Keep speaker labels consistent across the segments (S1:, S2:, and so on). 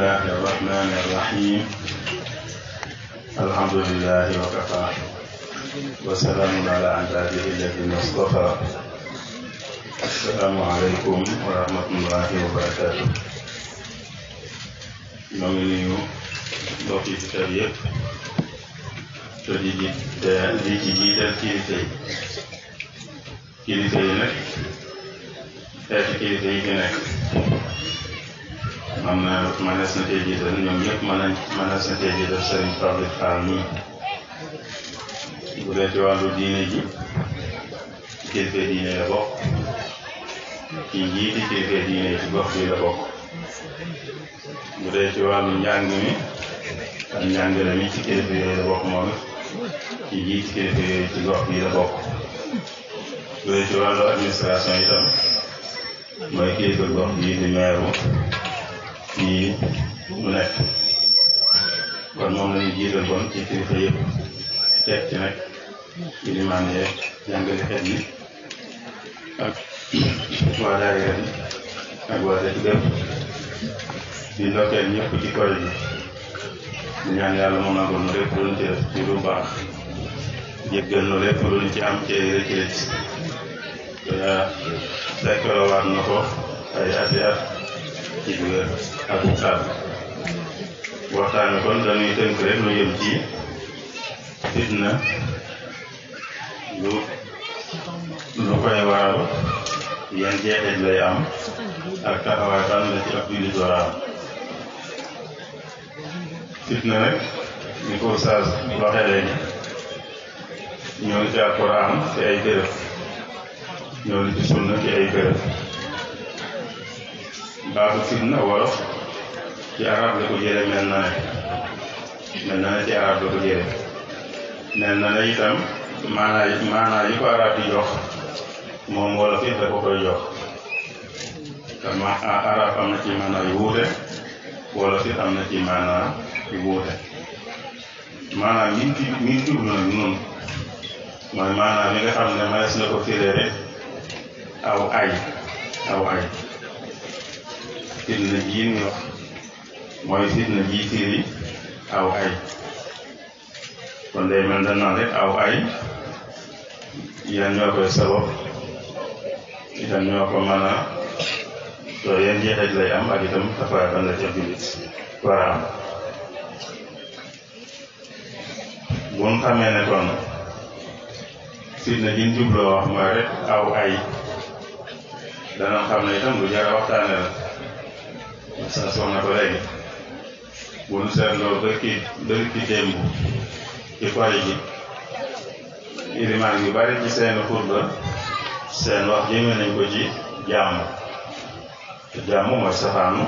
S1: الله الرحمن الرحيم الحمد لله وكفى وسلام على عباده الذين اصطفى السلام عليكم ورحمة الله وبركاته نومي دوكي تكالي تجي جي جي دال كيلتي كيلتي نك تاتي كيلتي نك man na manees na tey jiital ñoom ñëpp mën nañ na tey jiital sëriñ Fallou Fall mii bu dee ci wàllu diine ji kilifa diine la bokk ci njiiti kilifa diine ci gox bi la bokk bu dee ci wàllu njàng mi ak njàngale mi ci kilifa yooyu la ci gox bi la bokk bu dee ci wàllu administration itam mooy kilifa gox bii di meeru fii lu nekk kon moom la ñuy jiital kon ci kilifa yëpp teg ci nag ilimaan yeeg jàngalekat yi ak waa daayira yi ak waa dëkk bépp di ndokkeel ñëpp ci koor gi di ñaan yàlla mu nangul nu lépp lu ñu ci am ci rëcc rëcc fekk la waat na ko ay ati at jub la ak saal waxtaan wi kon dañuy tënk rek lu jëm ci fitna lu lu koy waral yan jeexit lay am ak taxawaay ban la ci ab jullit war fitna nag ni ko saas waxee ñoo ngi ci alquran ci ay bërëb ñoo ngi ci sunna ci ay bërëb baatu fitna wolof ci arab la ko jële mel na ne mel na ne ci arab la ko jële mel na ne itam maanaa maanaa yi ko arab jox moom wolof it da jox te ma arab am na ci maanaa yu wolof it am na ci maanaa yu wuute min ci min ci jublu nag mooy maanaam li nga xam ne manees na ko firee aw ay aw ay fitna ji ñu wax mooy fitna ji firi aw ay kon day mel dañ naan rek aw ay yan ñoo koy sabab itam ñoo ko mën a loolu yan jeexit lay am ak itam taxawaay ban la ca jullit war a am buñ xamee ne kon fitna ji ñu jubloo wax mooy rek aw ay dana xam ne itam lu jar a waxtaane la saa soxna ko léegi bu nu seetloo bërki bërki démb ci koy ji irimaan yu bari ci seen xutba seen wax jëme nañ ko ci jàmm te jàmm mooy safaanu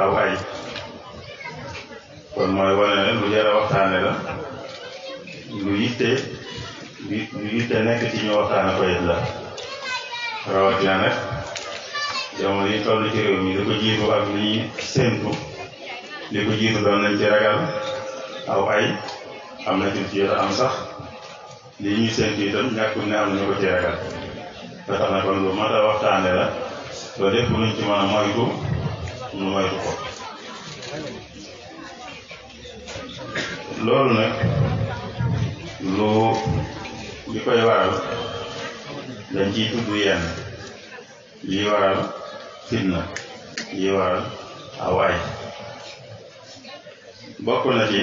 S1: aw ay kon mooy wane ne lu jar a waxtaane la lu yitte lu yitte nekk ci ñu waxtaane ko yit la rawatina nag jamono yi toll ci réew mi li ko jiitu ak li ci ragal aw ay am na ci jot a am sax li ñuy séentu itam ñàkkul ne am nañu ko ci ragal te tax na kon lu mat a waxtaane la loolu lépp luñ ci mën a moytu ñu moytu ko loolu nag lu li koy waral dañ ciy tudd yenn lii waral fitna yi waral awaay bokk na ci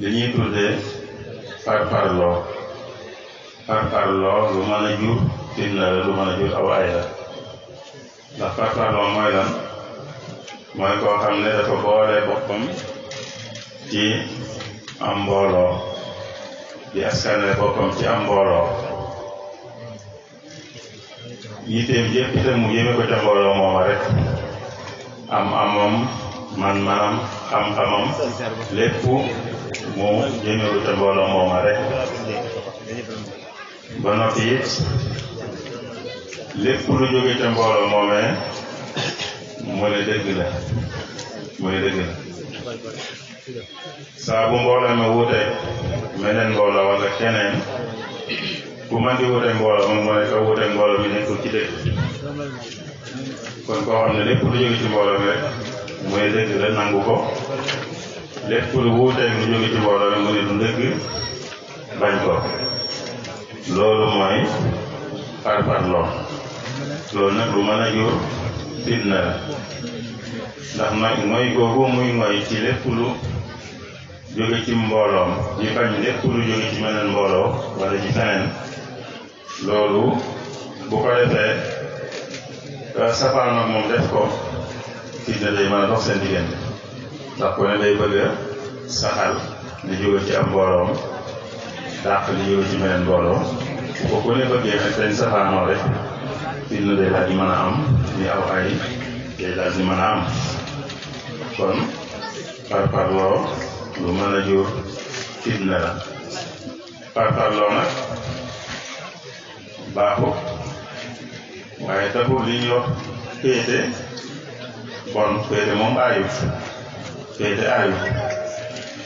S1: li ñuy tuddee parparloo parparloo lu mën a jur fitna la lu mën a jur awaay la ndax parparloo mooy lan mooy koo xam ne dafa boole boppam ci am mbooloo di askanle boppam ci am mbooloo yitteem yëpp itam mu yéeme ko ca mbooloo mooma am amam man manam xam-xamam lépp mu yéeme ko ca mbooloo mooma rek ba noppi it lépp lu jóge ca mbooloo mu ne dëgg la mu ne dëgg saa bu mbooloo ma wuute meneen mbooloo wala keneen bu man di wutee mbooloo mooy ka wutee mbooloo mi nekkul ci dëgg kon koo xam ne lépp lu jóge ci mbooloo mi rek mooy dëgg la nangu ko lépp lu wuuteeg lu jóge ci mbooloo mi mu ne du dëgg bañ ko loolu mooy parparloo loolu nag lu mën a jur fitna la ndax mooy googu muy mooy ci lépp lu ci mbooloom ñu bañ lépp lu ci meneen mbooloo wala ci feneen loolu bu ko defee euh, safaan moom def ko fitna day mën a dox seen diggante ndax ku ne day bëgg saxal li jóge ci am mbooloom dàq li jóge ci meneen mbooloo bu ko ne bëggee nag dañ safaanoo rek fitna day daal di mën a am ni aw ay day daal di mën a am kon par parloo lu mën a jur fitna la par parloo nag baaxut waaye taxul li ñuy wax féete bon féete moom aayut féete aayut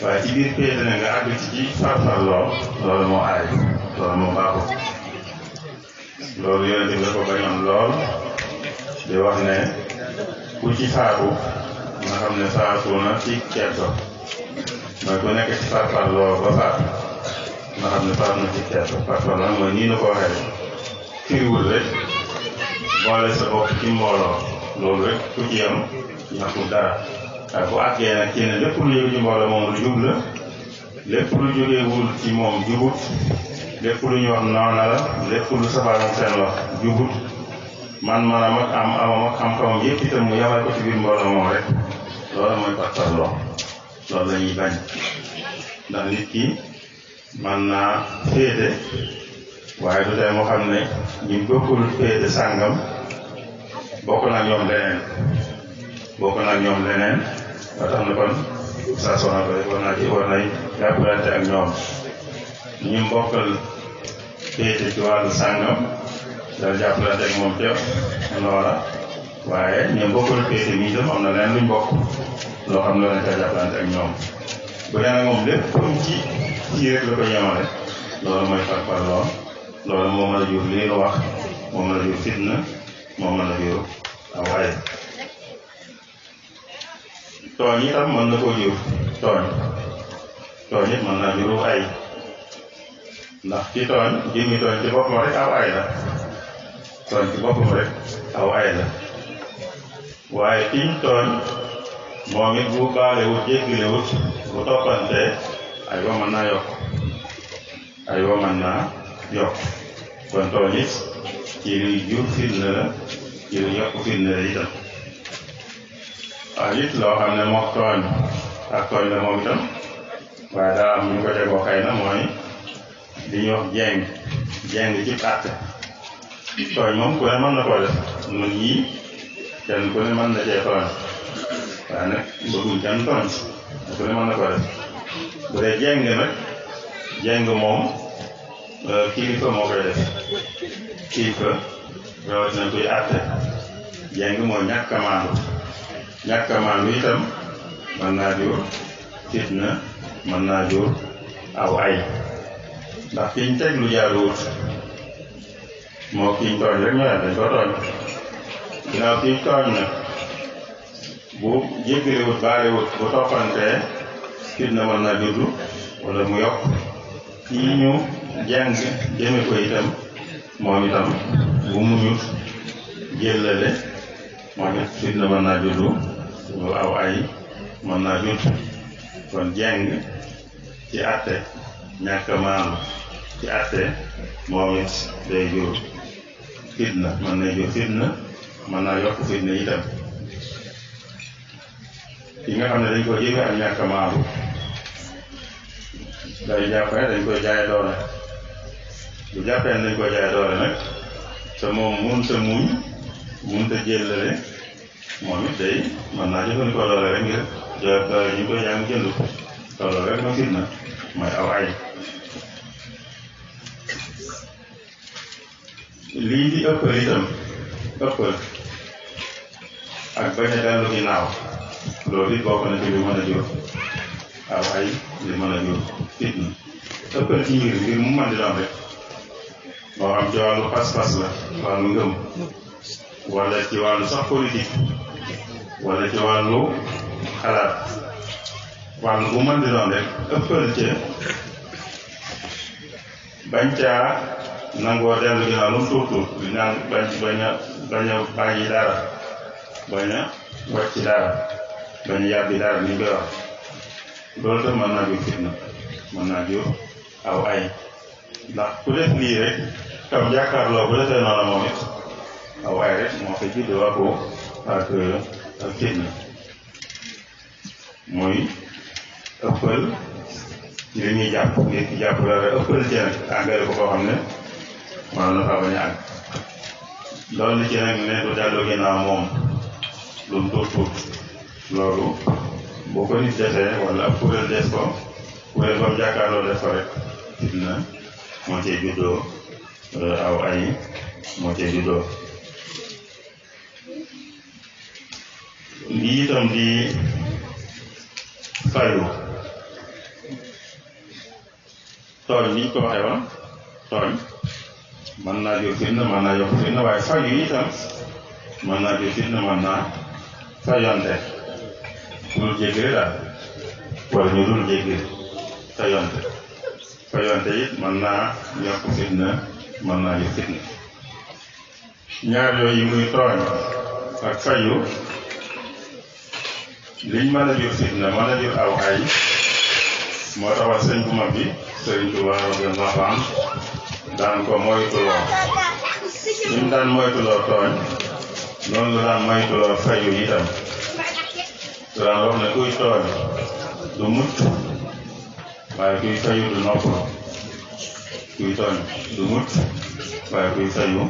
S1: waaye ci biir féete na nga àgg ci ci farfarloo loolu moo aay loolu moo baaxut loolu yonente bi dafa lool di wax ne ku ci faatu nga xam ne faatu na ci ceddo mooy ku nekk ci farfarloo ba faatu nga xam ne faatu na ci ceddo farfarloo mooy nii na ko waxee firiwul rek boole sa bopp ci mbooloo loolu rek ku ci yem ñàkkul dara waaye bu àggee nag ci ne lépp lu yëg ci mbooloo moom lu jub la lépp lu jógeewul ci moom jubut lépp lu ñu wax noona la lépp lu safaanam seen wax jubut man maanaam ak am amam ak xam-xamam yëpp itam mu yabal ko ci biir mbooloo moom rek loolu mooy parparloo loolu la ñuy bañ ndax nit ki man naa féete waaye du tee moo xam ne ñu bokkul féete sàngam bokk naa ñoom leneen bokk naa ñoom leneen ba tax na kon saa soxna ko war naa ci war nay jàppalante ak ñoom ñu mbokkal féete ci wàllu sàngam dal jàppalante ak moom ca loola waaye ñu mbokkal féete mii tam am na leneen luñ bokk loo xam ne war nañ caa jàppalante ak ñoom bu dee nag moom lépp ci ci rek la ko ñëwale loolu mooy par par lool loolu moom la jur lii wax moom la jur fitna moom la jur waaye tooñ itam tooñ tooñ it mën juru ay ndax ci tooñ jëmmi tooñ ci boppam rek aw ay la tooñ ci boppam rek aw ay la waaye kiñ tooñ moom it bu baalewut jéggalewut bu toppantee ay wa mën naa yokk ay wa mën naa yokk kon tool yi ci luy jur firnde la ci luy yokk firnde la itam ak it loo xam ne mook tooñ ak tooñ la moom itam waaye daa am ñu ko tegoo xëy na mooy li ñuy wax jeng jeng ci àtt tooñ moom ku ne mën na koo def nun ñii kenn ku ne mën na cee tooñ waaye nag bëgguñ kenn tooñ ku ne na koo def bu dee jeng jeng moom Euh, kilifa moo koy def kilifa rawatina kuy àtte jàng mooy ñàkk a maandu ñàkk a maandu itam mën naa jur fitna mën naa jur aw ay ndax kiñ teg lu jaaduwut moo kiñ tooñ rek ñu dañ ko tooñ ginnaaw kiñ tooñ na bu jéggaliwut baariwut bu toppantee fitna mën naa juddu wala mu yokk kii ñu jàng jëme ko itam moom itam bu mu ñu jëllale moom it fitna mën naa juddu lu aw ay mën naa judd kon jàng ci àtte ñàkk maanu ci àtte moom it day jur fitna mën naa yokk fitna itam ki nga xam ne dañ ko jëfe ak ñàkk maanu day jàppale dañ koy jaay doole bu jàppee nañ ko jaay doole nag te moom mënta muñ mënta jëllale moom it day mën naa jëfandikoo doole rek ngir joxe doole ñu koy jàng jënd ko loolu rek ma fitna mooy aw ay lii di ëppal itam ëppal ak bañ a dellu ginnaaw loolu it bokk na ci li mën a jur aw ay li mën a jur fitna ëppal ci ngir ngir mu mën di doon rek moo xam ci wàllu pas-pas la wàllu ngëm wala ci wàllu sax politique wala ci wàllu xalaat wàllu bu mën di doon rek ëppal ca bañ caa nangoo dellu ginnaaw lu tuub tuub di naan bañ bañ a bañ a bàyyi dara bañ a wàcc dara bañ a yàbbi dara ni koy wax loolu tam mën naa fitna mën naa aw ay ndax ku def lii rek kam jàkkaarloo bu defee noonu moom it aw rek moo koy juddoo ako ak ak fitna mooy ëppal ci li ñuy jàpp ngir ci jàpp dara ëppal ci ko koo xam ne maanaam na faa bañ a àgg loolu ci ne du delloo ginnaaw moom lu tuut tuut loolu boo ko nit defee wala ab kuréel des ko kuréel ba mu jàkkaarloo def ko rek moo cee juddoo euh, aw ay moo cee juddoo lii itam di fayu tooñ ni ñu ko waxee woon tooñ mën naa jur fitna mën naa yokk fitna waaye fayu itam mën naa jur fitna mën naa fayonte ku dul jéggale daal wala ñu dul jéggale fayonte soyante it mën naa yokk fitna mën naa yokk fitna ñaar yooyu muy tooñ ak fayu liñ mën a jur fitna mën a jur aw ay moo taxal sëñ bu mag bi sëriñ Tuba radiyallahu anhu daan ko moytuloo li mu daan moytuloo tooñ noonu la daan moytuloo fayu itam daan wax ne kuy tooñ du mucc waaye kuy fayu du noppaloo kuy tooñ du mucc waaye kuy fayu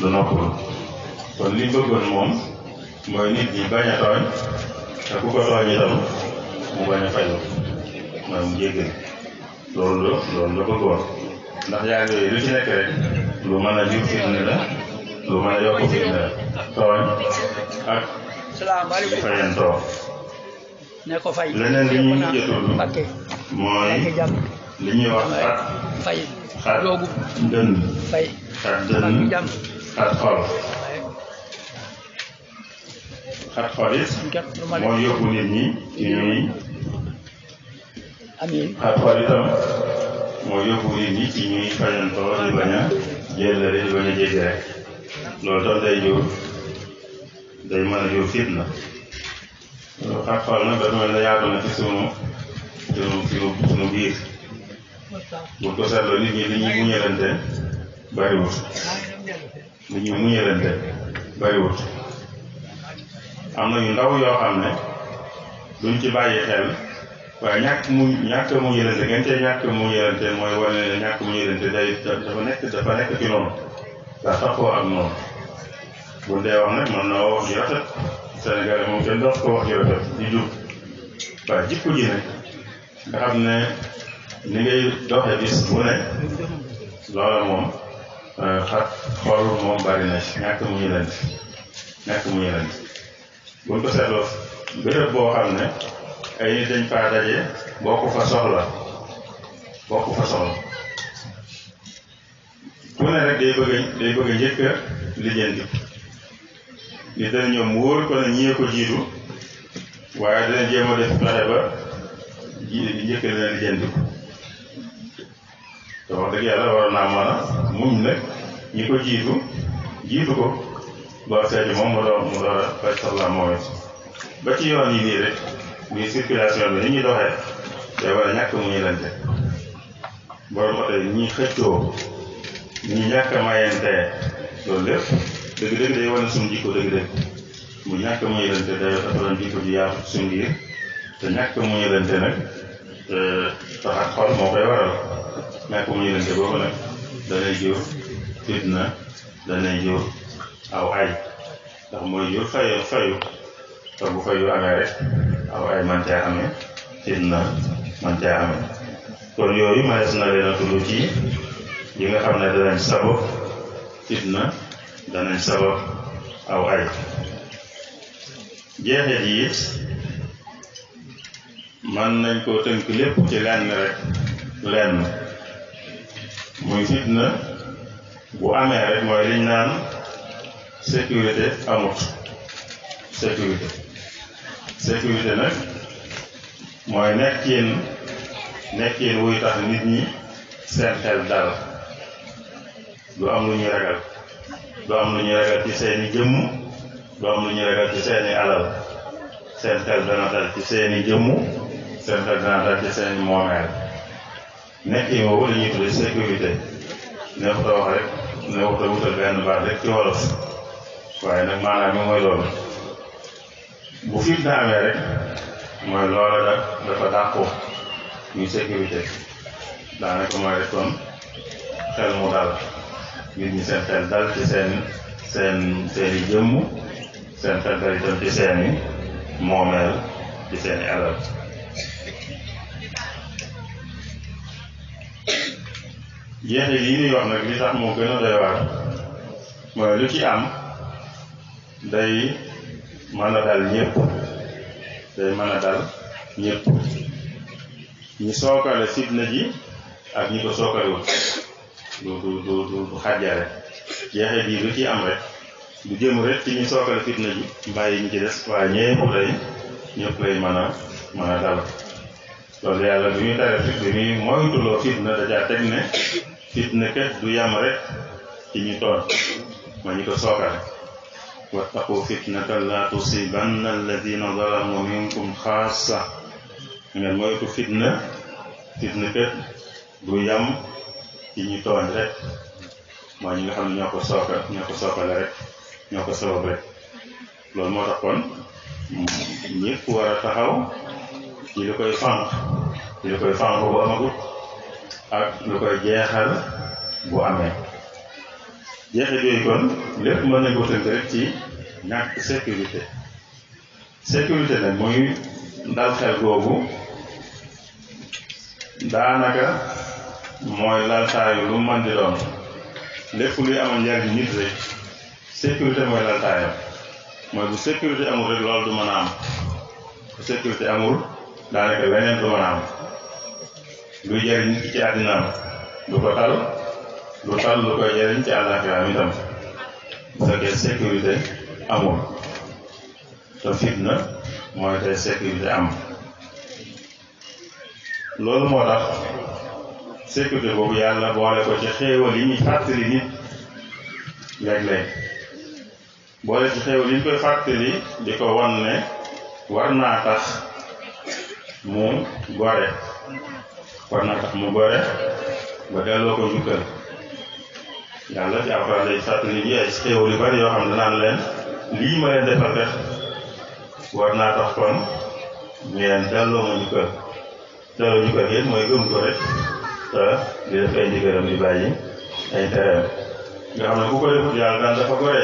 S1: du noppaloo kon li bëggoon moom mooy nit ñi bañ a tooñ te ku ko tooñ itam mu bañ a fayu mooy mu jéggal loolu la loolu la bëggoon ndax yaa ngi lu ci nekk rek lu mën a jur firnde la lu mën a yokk firnde la tooñ ak
S2: fayantoo ne ko fay leneen li ñu mujjee
S1: tudd mooy li ñuy wax xat xat xol mooy yóbbu nit ñi ñuy xat xol itam mooy yóbbu nit ñi ñuy fayantoo di bañ a jëllale di bañ a rek loolu tam day jur day mën a jur fitna xat xol nag dafa mel ne yaatu na ci sunu suñu suñu suñu biir buñ ko seetloo nit ñi li ñuy muñalante bariwut li ñuy bariwut am na ñu ndaw yoo xam ne duñ ci bàyyi xel waaye ñàkk mu ñàkk mu yëlante ngeen cee ñàkk mu yëlante mooy wane ne ñàkk mu yëlante day dafa nekk dafa nekk ci noonu daa taxoo ak noonu bu dee wax nag mën na wax ju rafet Sénégal moom kenn dox ko wax ju rafet di jub waaye jikko ji nga xam ne ni ngay doxe bis bu loola moom euh, xat xool moom bari na ci ñàkk mu ñu ñàkk mu ñu leen buñ ko seetloo béréb boo xam ne ay nit dañ faa daje bokk fa soxla bokk fa soxla ku rek day bëgg day bëgg a njëkk a lijjanti li dana ñoom wóor ko ne ñii ko jiitu waaye dana jéem a def fexe ba diine bi njëkk na di jënd te wax dëgg naa mën muñ nag ñi ko jiitu jiitu ko ba seeti moom mu doon mu doon faj soxla ba ci yoon yi nii rek muy circulation bi ni ñuy doxee day war a mu ñu lante borom oto yi ñi xëccoo ñi ñàkk mayente loolu lépp dëgg-dëgg day wane suñu jikko mu ñàkk mu ñu lante day dafa doon ji yaatu suñu te ñàkk mu ñëlante nag taxat xol moo koy waral ñàkk mu ñëlante boobu nag danay jur fitna danay jur aw ay ndax mooy jur fayu fayu te bu fayu amee rek aw ay man caa fitna man caa kon yooyu manees na leen a tudd ci yi nga xam ne danañ sabab fitna danañ sabab aw ay jeexet yi man nañ koo tënk lépp ci lenn rek lenn muy fitna bu amee rek mooy liñ naan sécurité amut sécurité sécurité nag mooy nekkin nekkin wuy tax nit ñi seen xel dal du am lu ñuy ragal du am lu ragal ci seeni jëmm du am lu ragal ci seeni alal seen xel dana ci seeni jëmm seen dagg naa ci seen moomeel nekkin woowu la ñuy tuddee sécurité neexut a wax rek neexut a wutal benn baat rek ci wolof waaye nag maanaam mi mooy loolu bu fitna amee rek mooy loola da dafa dàqu ñu sécurité daanaka mooy rek kon xel mu dal nit ñi seen xel dal ci seen seen seen i jëmm seen xel dal itam ci seen i moomeel ci seeni i alal jeexe yi ñuy wax nag li tax moo gën a doy waar mooy lu ci am day mën a dal ñëpp day mën a dal ñëpp ñi sookale fitna ji ak ñi ko sookalewul du du du du xàjjale jeexe ji lu ci am rek du jëm rek ci ñi sookale fitna ji bàyyi ñi ci des waaye ñëpp lay mën a mën a dal loolu yàlla bi muy tere bi muy moytuloo fitna dajaa teg ne fitna kat du yam rek ci ñu tooñ ma ñu ko sookale wattaqu la tusibanna alladina zalamu minkum xaasa ngeen mooy ko fitna fitna kat du yam ci ñu rek mooy ñi nga xam ne ñoo ko sooka ñoo rek ñoo ko rek loolu moo tax ak lu koy jeexal bu amee jeexit yooyu kon lépp mën nañ ko tënk rek ci ñàkk sécurité sécurité nag muy dal xel googu daanaka mooy laltaayu lu mën di doon lépp luy amal njariñ nit rek sécurité mooy laltaayam mooy bu sécurité amul rek loolu du mën a am bu sécurité amul daanaka leneen du luy jëriñ nit ki ci àddinaam lu ko tal lu tal lu koy jëriñ ci àllaaxiraam itam bu fekkee sécurité amul te fitna mooy tey sécurité am loolu moo tax sécurité boobu yàlla boole ko ci xéewal yi ñu fàttali nit léeg-léeg boole ci xéewal yi ñu koy fàttali di ko wan ne war naa tax mu gore war na tax mu gore ba delloo ko njukkal yàlla ci alxuraan day fàttali ñi ay xéewal yu bari yoo xam ne naan leen lii ma leen defal kat war naa tax kon ngeen delloo ma njukkal delloo njukkal yéen mooy gëm ko rek te di def ay ndigalam di bàyyi ay tereem nga xam ne ku ko defut yàlla daan dafa gore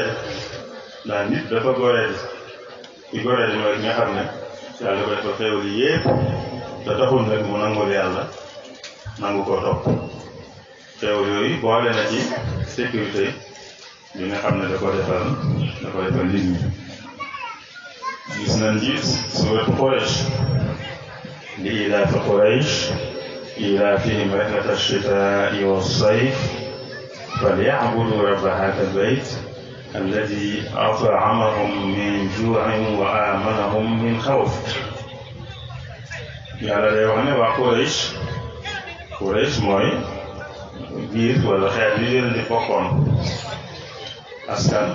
S1: naan nit dafa gore ci gore mooy ki nga xam ne yàlla ko defal xéewal yi yépp te taxul nag mu nangul yàlla nangu koo topp teew yooyu boole na ci sécurité bi nga xam ne da ko defal da ko defal nit ñi gis nañ ci suuratu Quraysh li ilaafi Quraysh ilaafihim rihlata ash-shitaa'i was-sayf فليعبدوا رب هذا البيت الذي أطعمهم من جوع وآمنهم من خوف. يا يعني ليوم وقريش Quraysh mooy biir wala xeet yu yonente bi bokkoon askan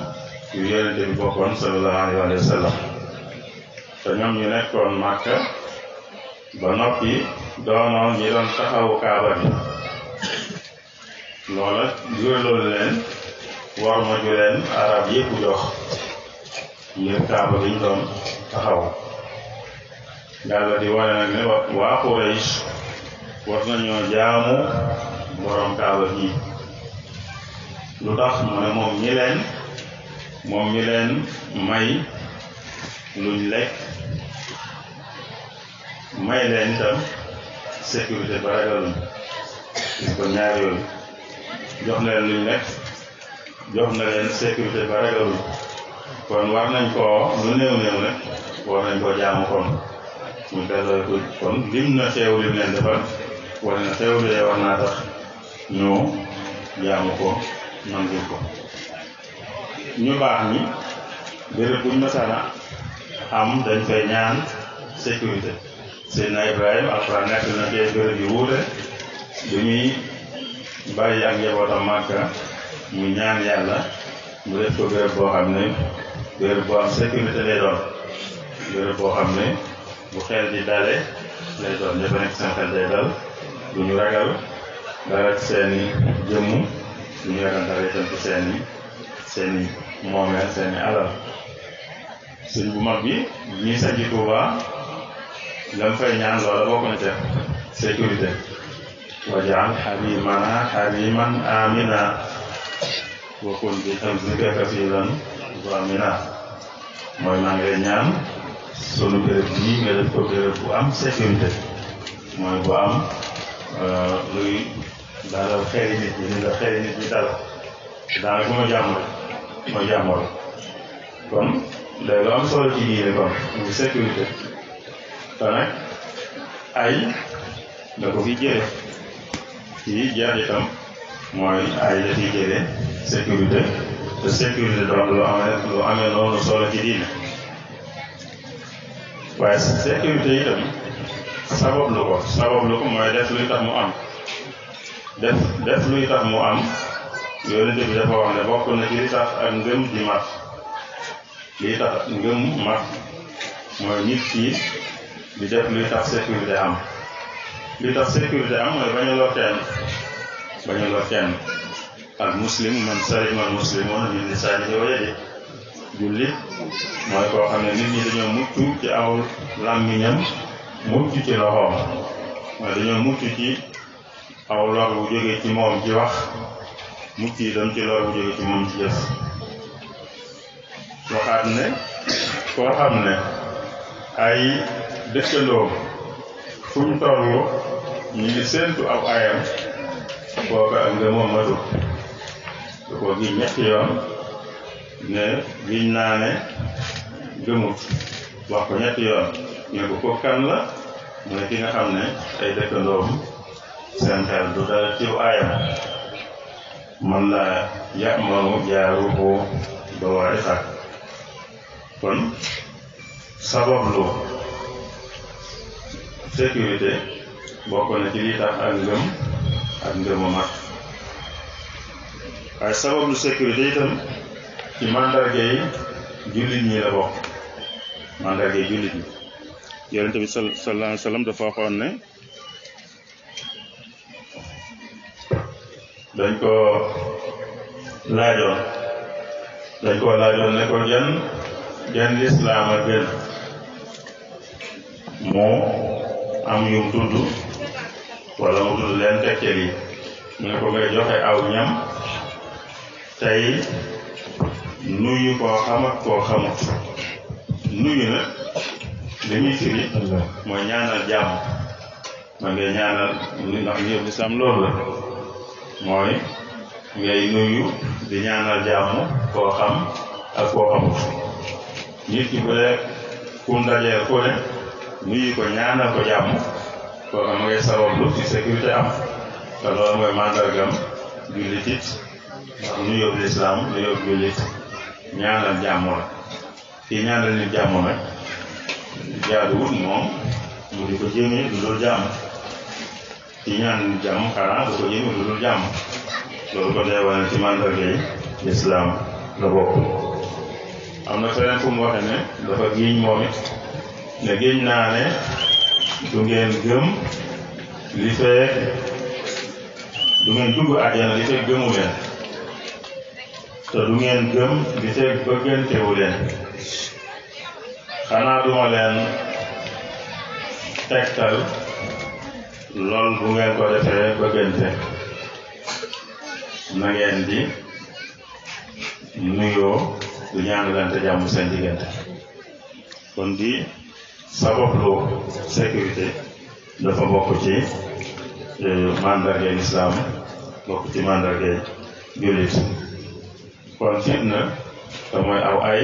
S1: yu yonente bi bokkoon sallallahu alayhi wa sallam te ñoom ñu nekkoon màkka ba noppi doonoon ñi doon taxawu kaaba bi loola juróloolu leen war ma arab yépp jox ngir kaaba bi doon taxaw yàlla di wane nag ne waa Quraysh war nañoo jaamu borom kaaba gi lu tax mu ne moom ñi leen moom ñi leen may luñ lekk may leen itam sécurité ba ragaluñ gis ko ñaar yooyu jox na leen luñ lekk jox na leen sécurité ba ragaluñ kon war nañ koo lu néew néew nag war nañ koo jaamu kon mu delloo kon lim na xeew lim leen defal wala xew war naa tax ñu jaamu ko nangul ko ñu baax ñi béréb buñ masana am dañ fay ñaan sécurité Seydina Ibrahima alxuraan nekk na ci béréb yu wuute bi muy bàyyi ak njabootam Màkka mu ñaan yàlla mu def ko béréb boo xam ne béréb boo am sécurité lay doon béréb boo xam ne bu xel di dale lay doon dafa seen xel day dal duñu ragal dara ci seeni jëmm duñu ragal dara itam ci seeni seeni moomeel seeni alal sëñ bu mag bi ñuy sajji Tuuba lam fay ñaan loola bokk na ca sécurité wajaal xarimana xariman amina wakun bi tam zika kafiran amina mooy maa ngi ñaan sunu béréb bii nga def ko béréb bu am sécurité mooy bu am luy daanaka xeeri nit ñi ni la xeeri nit ñi dal daanaka moo jàmm la moo jàmm la kon day lu am solo ci diine kon muy sécurité te nag ay da ko fi jële ci jaar itam mooy ay da fi jële sécurité te sécurité doon lu amee lu amee noonu solo ci diine waaye sécurité itam sabab lu ko sabab lu ko mooy def luy tax mu am def def luy tax mu am yonent bi dafa wax ne bokk na ci li tax ak ngëm di mat li tax ngëm mat mooy nit ki di def luy tax sécurité am luy tax sécurité am mooy bañ a lor kenn bañ a lor kenn muslim man salima al muslimoon min lisaanihi wa yadihi jullit mooy koo xam ne nit ñi dañoo mucc ci aw làmmiñam mucc ci loxoom mooy dañoo mucc ci aw lor bu jógee ci moom ci wax mucc itam ci lor bu jógee ci moom ci jëf waxaat ne koo xam ne ay dëkkandoom fu ñu toll ñu ngi séentu aw ayam kooka ak nga moom matu da ko gi ñetti yoon ne giñ naa ne gëmut wax ko ñetti yoon ñu ko kan la mu ne ki nga xam ne ay dëkkandoom seen xel du dara ciw aayam man laa yamanu jaaruhu dawaa isaac kon sabablu sécurité bokk na ci li tax ak ngëm ak ngëm a mat waaye sabablu sécurité itam ci mandarga jullit ñi la bokk mandarga jullit ñi yonent bi sallallahu alayhi wa sallam dafa waxoon ne dañ ko laajoon dañ ko laajoon ne ko jën jën lislaam a gën mu am yum tudd wala mu tudd leen tegtal yi mu ne ko ngay joxe aw ñam tey nuyu koo xam ak koo xamut nuyu nag li muy firi mooy ñaanal jàmm man ngay ñaanal ndax ñëw lislaam loolu mooy ngay nuyu di ñaanal jàmm koo xam ak koo xamul nit ki bu dee ku ndajee ku ne nuyu ko ñaanal ko jàmm koo xam ngay sabablu ci sécurité am te loolu mooy màndargam jullit it ndax nuyoo lislaam nuyoo jullit ñaanal jàmm la kii ñaanal nit jàmm nag jaaduwul moom mu di ko jéemee lu dul jàmm ci ñaan jàmm xanaa du ko jéemee dul jàmm loolu ko dee wane ci màndargay lislaam la bokk am na feneen fu mu waxee ne dafa giiñ moom it ne giiñ du ngeen gëm li fee du ngeen dugg àjjana li fee gëmu leen du ngeen gëm li fee bëggantewu leen xanaa duma leen tegtal lool bu ngeen ko defee bëggante na ngeen di nuyoo du ñaanalante jàmm seen diggante kon di sabablu sécurité dafa bokk ci euh, mandargay lislaam bokk ci mandargay jullit kon fitna te mooy aw ay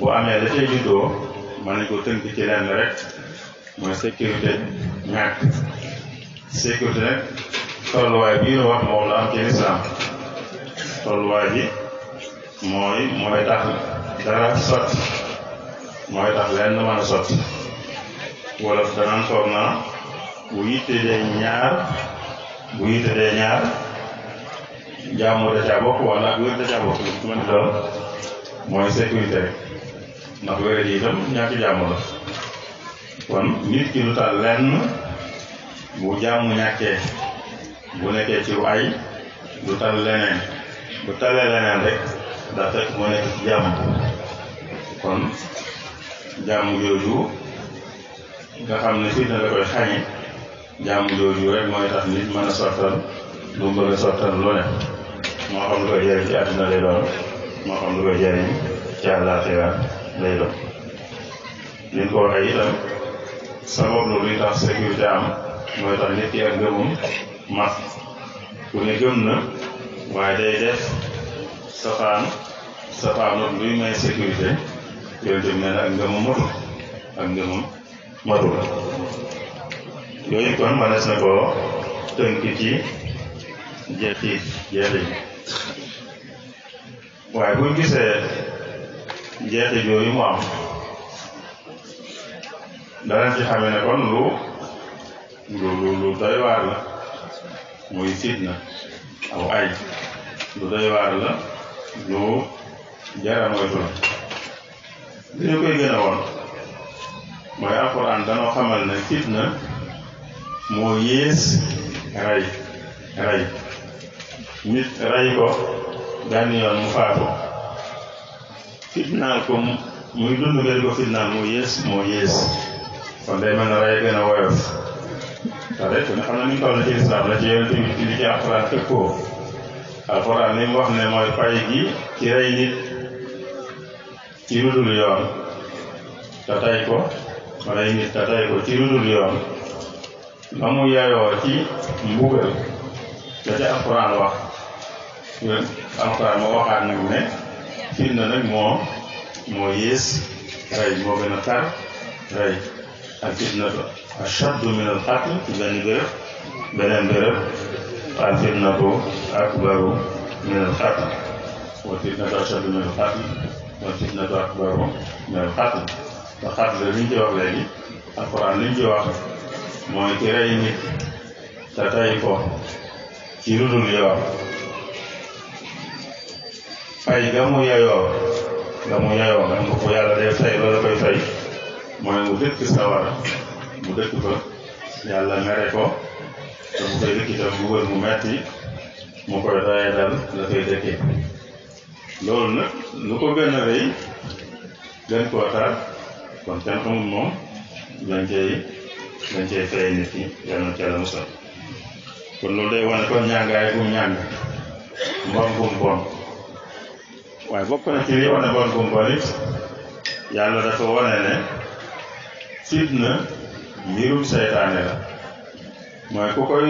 S1: bu amee la cay juddoo mën nañ ko tënk ci lenn rek mooy sécurité ñàkk sécurité nag tolluwaay bii nu wax moom la am ci lislaam tolluwaay bi mooy mooy tax dara mooy tax lenn mën a sotti wala danaan foog naa bu yitte ñaar bu yitte dee ñaar jaamu da caa bokk wala ak wér da bokk lu ci mën mooy sécurité rek ndax wéere ji itam ñàkk jaamu la kon nit ki lu tax lenn bu jaamu ñàkkee bu nekkee ci ay du tal leneen bu talee leneen rek daa fekk mu nekk ci jàmm kon jàmm jooju nga xam ne fii dana koy xañe jàmm jooju rek mooy tax nit mën a sottal lu mu bëgg a sottal lu ne moo xam lu koy jëriñ ci àddina lay doon moo xam lu koy jëriñ ci àllaaxira lay doon liñ ko waxee itam sabab lu luy tax sécurité am mooy tax nit ki ak gëmum mat ku ne gëm na waaye day def safaan safaanut luy may sécurité yooyu dem nee ak ngëmum matu ak ngëmum matu la yooyu kon manees na koo tënk ci jeexit jeexit waaye buñ gisee jeexit yooyu mu am danañ ci xamee ne kon lu lu lu doy la muy fitna aw ay lu doy la lu jara moytu la li koy gën a woon mooy alxuraan danoo xamal ne fitna moo yées rey rey nit rey ko benn yoon mu faatu fitnaal ko muy dund ngeen ko fitnaal moo yées moo yées kon day mel ne rey gën a woyof ne xam na ni ñu toll ci islam ci alxuraan tëkkoo alxuraan li mu ne mooy pay ci rey ci lu yoon te tey ko rey ci lu yoon ba mu yaayoo ci mbugal da ca alxuraan wax alxuraan moo waxaat nag ne fitna nag moo moo yées rey moo gën a rey ak fitnatu ashaddu min al qatl ci benn bërëb beneen bërëb al fitnatu akbaru min al qatl wal fitnatu ashaddu min al qatl wal fitnatu akbaru min al qatl te qatl li ñu ci li ñu ci wax mooy ci rey nit te tey ko ci lu dul yoon ay gamu yayoo gamu yayoo nga ko ko yàlla dee fay loolu koy fay mooy mu dëkk sawara mu dëkk fa yàlla mere ko te mu koy dëkk itam mbugal mu metti mu koy doyee dal la koy dëkkee loolu nag lu ko gën a rëy gën koo tar kon kenn xamul moom dañ cay dañ cay fay nit ki yàlla na ca la musal kon loolu day wane kon ñàngaay bu ñàng mbon bu mbon waaye bokk na ci li wane bon kumpa it yàlla dafa wane ne fitna mbirum seytaane la mooy ku koy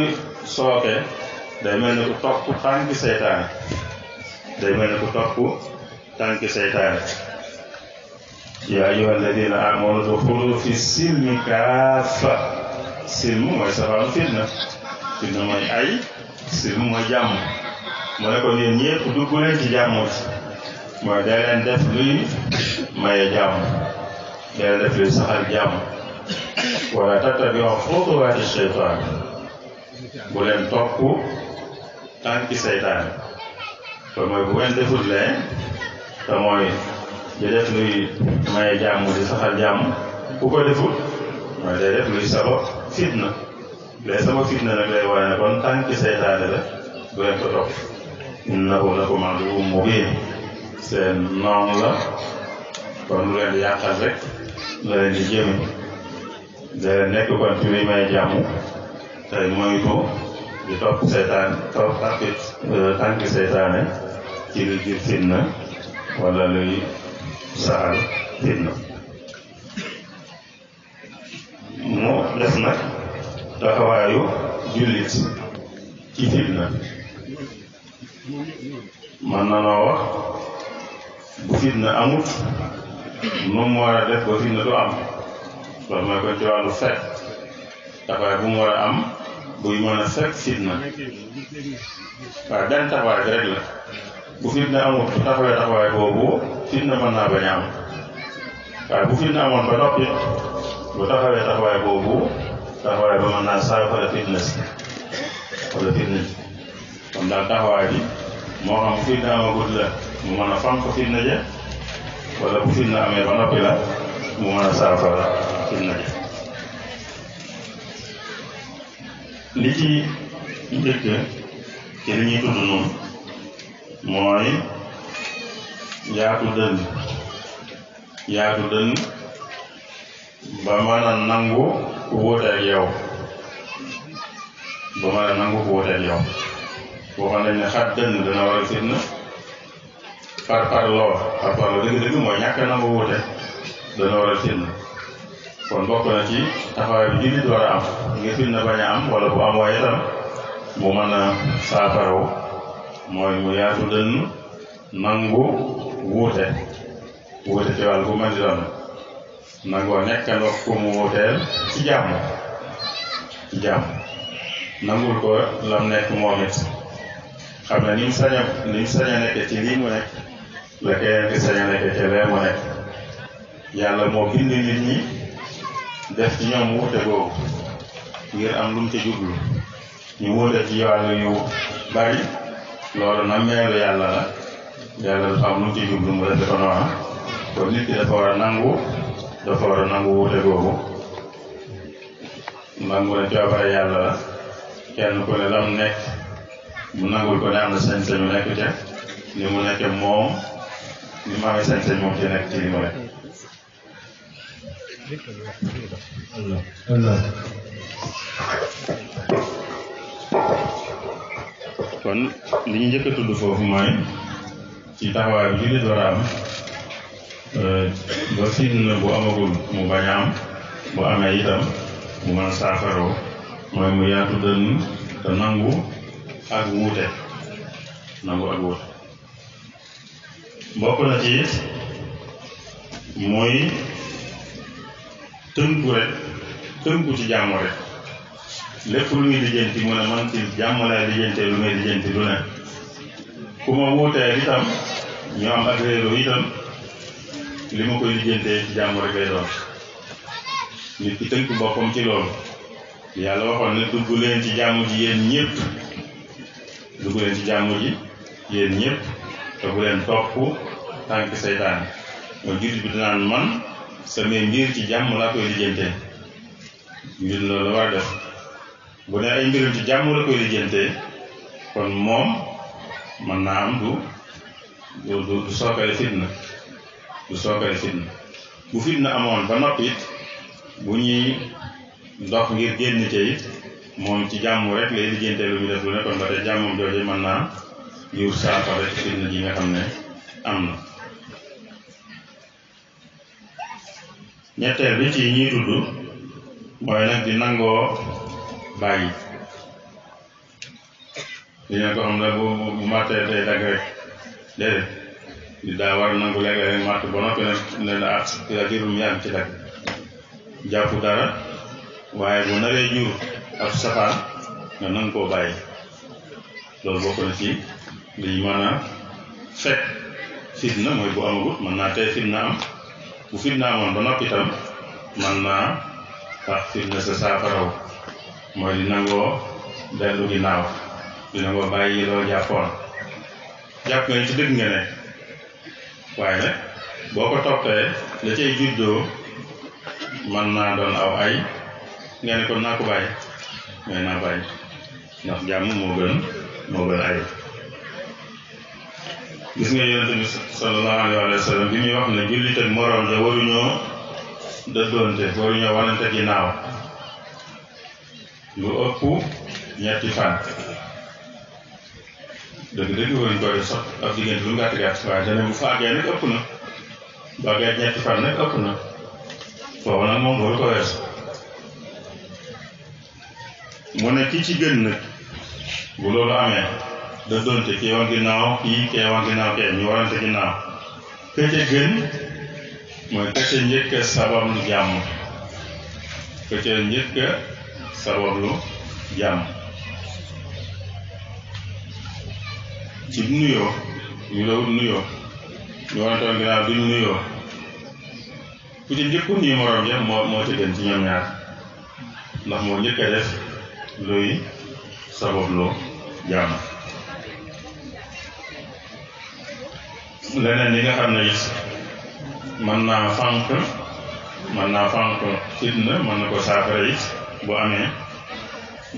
S1: sooke day mel ne ku topp tànki seytaane day mel ne ku topp tànki seytaane yaa ayyuha alladina amanu duxulu fi silmi kaafa silm mooy safaanu fitna fitna mooy ay silm mooy jàmm mu ko yéen ñëpp dugg leen ci jàmm mooy da leen def luy maye jàmm da leen def luy saxal jàmm wala tattabi'u xutuwaati seytaan bu leen topp tànki seytaan kon mooy bu ngeen deful lee te mooy di def luy maye jàmm di saxal jàmm ku ko deful mooy day def luy sabab fitna lay sabab fitna nag lay wane kon tànki seytaane la bu leen ko topp innahu lakum aduwwun mubiin seen noom la kon lu leen di yàqal rek la leen di jëm nekk kon ci li may jàmm tey moytu di topp seetaan topp tànki euh, tànki ci lu jur fitna wala luy saxal fitna mu des nag taxawaayu jullit ci fitna mën na noo wax bu fitna amut moom moo war a def ba fitna du am loolu mu war a am buy mën a fekk fitna waaw benn taxawaay rek la bu fitna amut bu taxawee taxawaay boobu fitna mën naa bañ waaye bu fitna amoon ba noppi bu taxawee taxawaay boobu taxawaay ba mën naa saafara fitna si wala fitna kon daal taxawaay bi moo xam fitna amagut la. mu mën a fànq fitna ja wala bu fitna amee ba noppi la mu mën a saafara fitna ja li ci njëkk ci li ñuy tudd noonu mooy yaatu dënn yaatu dënn ba mën a nangu wóote ak yow ba mën a nangu wóote ak yow boo xam ne xat dënn dana war a fitna par par loo par par dëgg-dëgg mooy ñàkk nangu wuute dana war a fitna kon bokk na ci taxawaay bi jullit war a am ngir fitna bañ a am wala bu am waaye itam mu mën a saafaraw mooy mu yaatu dënn nangu wuute wuute ci wàll bu mën di doon nangoo ñàkkandoo ko mu wuuteel ci jàmm ci jàmm nangul ko lam nekk moom xam ne ni sañ a ni ci lii mu nekk la keneen ki sañ a nekk ca lee mu nekk yàlla moo bind nit ñi def ci ñoom wuute googu ngir am lu mu jublu ñu wóote ci wàllu yu bari loolu na meelu yàlla la yàlla dafa am lu mu jublu mu def ko noona kon nit ki dafa war a nangu dafa war a nangu wuute googu nangu ne coobare yàlla la kenn ku ne lam nekk mu nangul ko ne am na sañ-sañu nekk ca ni mu nekk moom li maa ngi sañ-sañ ci nekk ci li ma kon li ñu njëkk a tudd foofu mooy ci taxawaay bi jullit euh, ba fitna bu amagul mu bañ bu amee itam mu mën saafaroo mooy mu yaatu dënn te nangu ak wuute nangu ak wuute. bokk na ci mooy tënku rek tënku ci jàmm rek lépp lu ngi lijjanti mu ne man ci jàmm laay lijjantee lu ngay lijjanti lu ne ku ma wuutee itam ñu am ak réeroo itam li ma koy lijjantee ci jàmm rek lay doon nit ki tënk boppam ci loolu yàlla waxoon ne dugg leen ci jàmm ji yéen ñëpp dugg leen ci jàmm ji yéen ñëpp te bu leen topp tànk seytaane mooy jullit bi dinaan man samay mbir ci jàmm laa koy lijjantee mbir loolu la war def bu ne ay mbiram ci jàmm la koy lijjantee kon moom mën naam am du du du sookale fitna du sookale fitna bu fitna amoon ba noppi it bu ñuy dox ngir génn ca it moom ci jàmm rek lay lijjantee lu ñu def lu ne kon ba tey jàmmam ngir saafara fitna ji nga xam ne am na ñetteel bi ci ñuy tudd mooy nag di nangoo bàyyi di ne ko xam ne bu bu màttee day dagg rek déedéet di daa war nangu léeg-léeg màtt ba noppi nag ne la at dagg jàpp dara waaye bu naree jur ab safaan nga nang koo bàyyi loolu bokk na ci lii maanaam fekk fitna mooy bu amagut mën naa tey fitna am bu fitna amoon ba noppi tam mën naa tax fitna sa saafaraw mooy di nangoo dellu ginnaaw di nangoo bàyyi loo jàppoon jàpp nga ci dëgg nga ne waaye boo ko toppee la cay juddoo mën naa doon aw ay nga kon naa ko bàyyi mais naa bàyyi ndax jàmm moo gën moo gën ay gis nga yonent bi sallallahu alayhi wa sallam bi muy wax ne jullit ak moroom ja waruñoo dëddoonte waruñoo wanante ginnaaw lu ëpp ñetti fan dëgg-dëgg waruñ ko def ak diggante lu gàtt gàtt waaye dana bu faagee nag ëpp na baagee ñetti fan nag ëpp na foofu nag moom waru ko mu ne ki ci gën nag bu loolu amee da doonte kii waa ginnaaw kii kee waa ginnaaw kee ñu warante ginnaaw ka gën mooy ka njëkk a sabablu jàmm ka njëkk a sabablu jàmm ci nuyoo ñu la wut nuyoo ñu warante woon ginnaaw duñ nuyoo ku ci njëkku nii moroom ja moo moo ci gën ci ñoom ñaar ndax moo njëkk def luy sababloo jàmm leneen yi nga xam ne it mën naa fànq mën naa fànq fitna mën na ko saafara it bu amee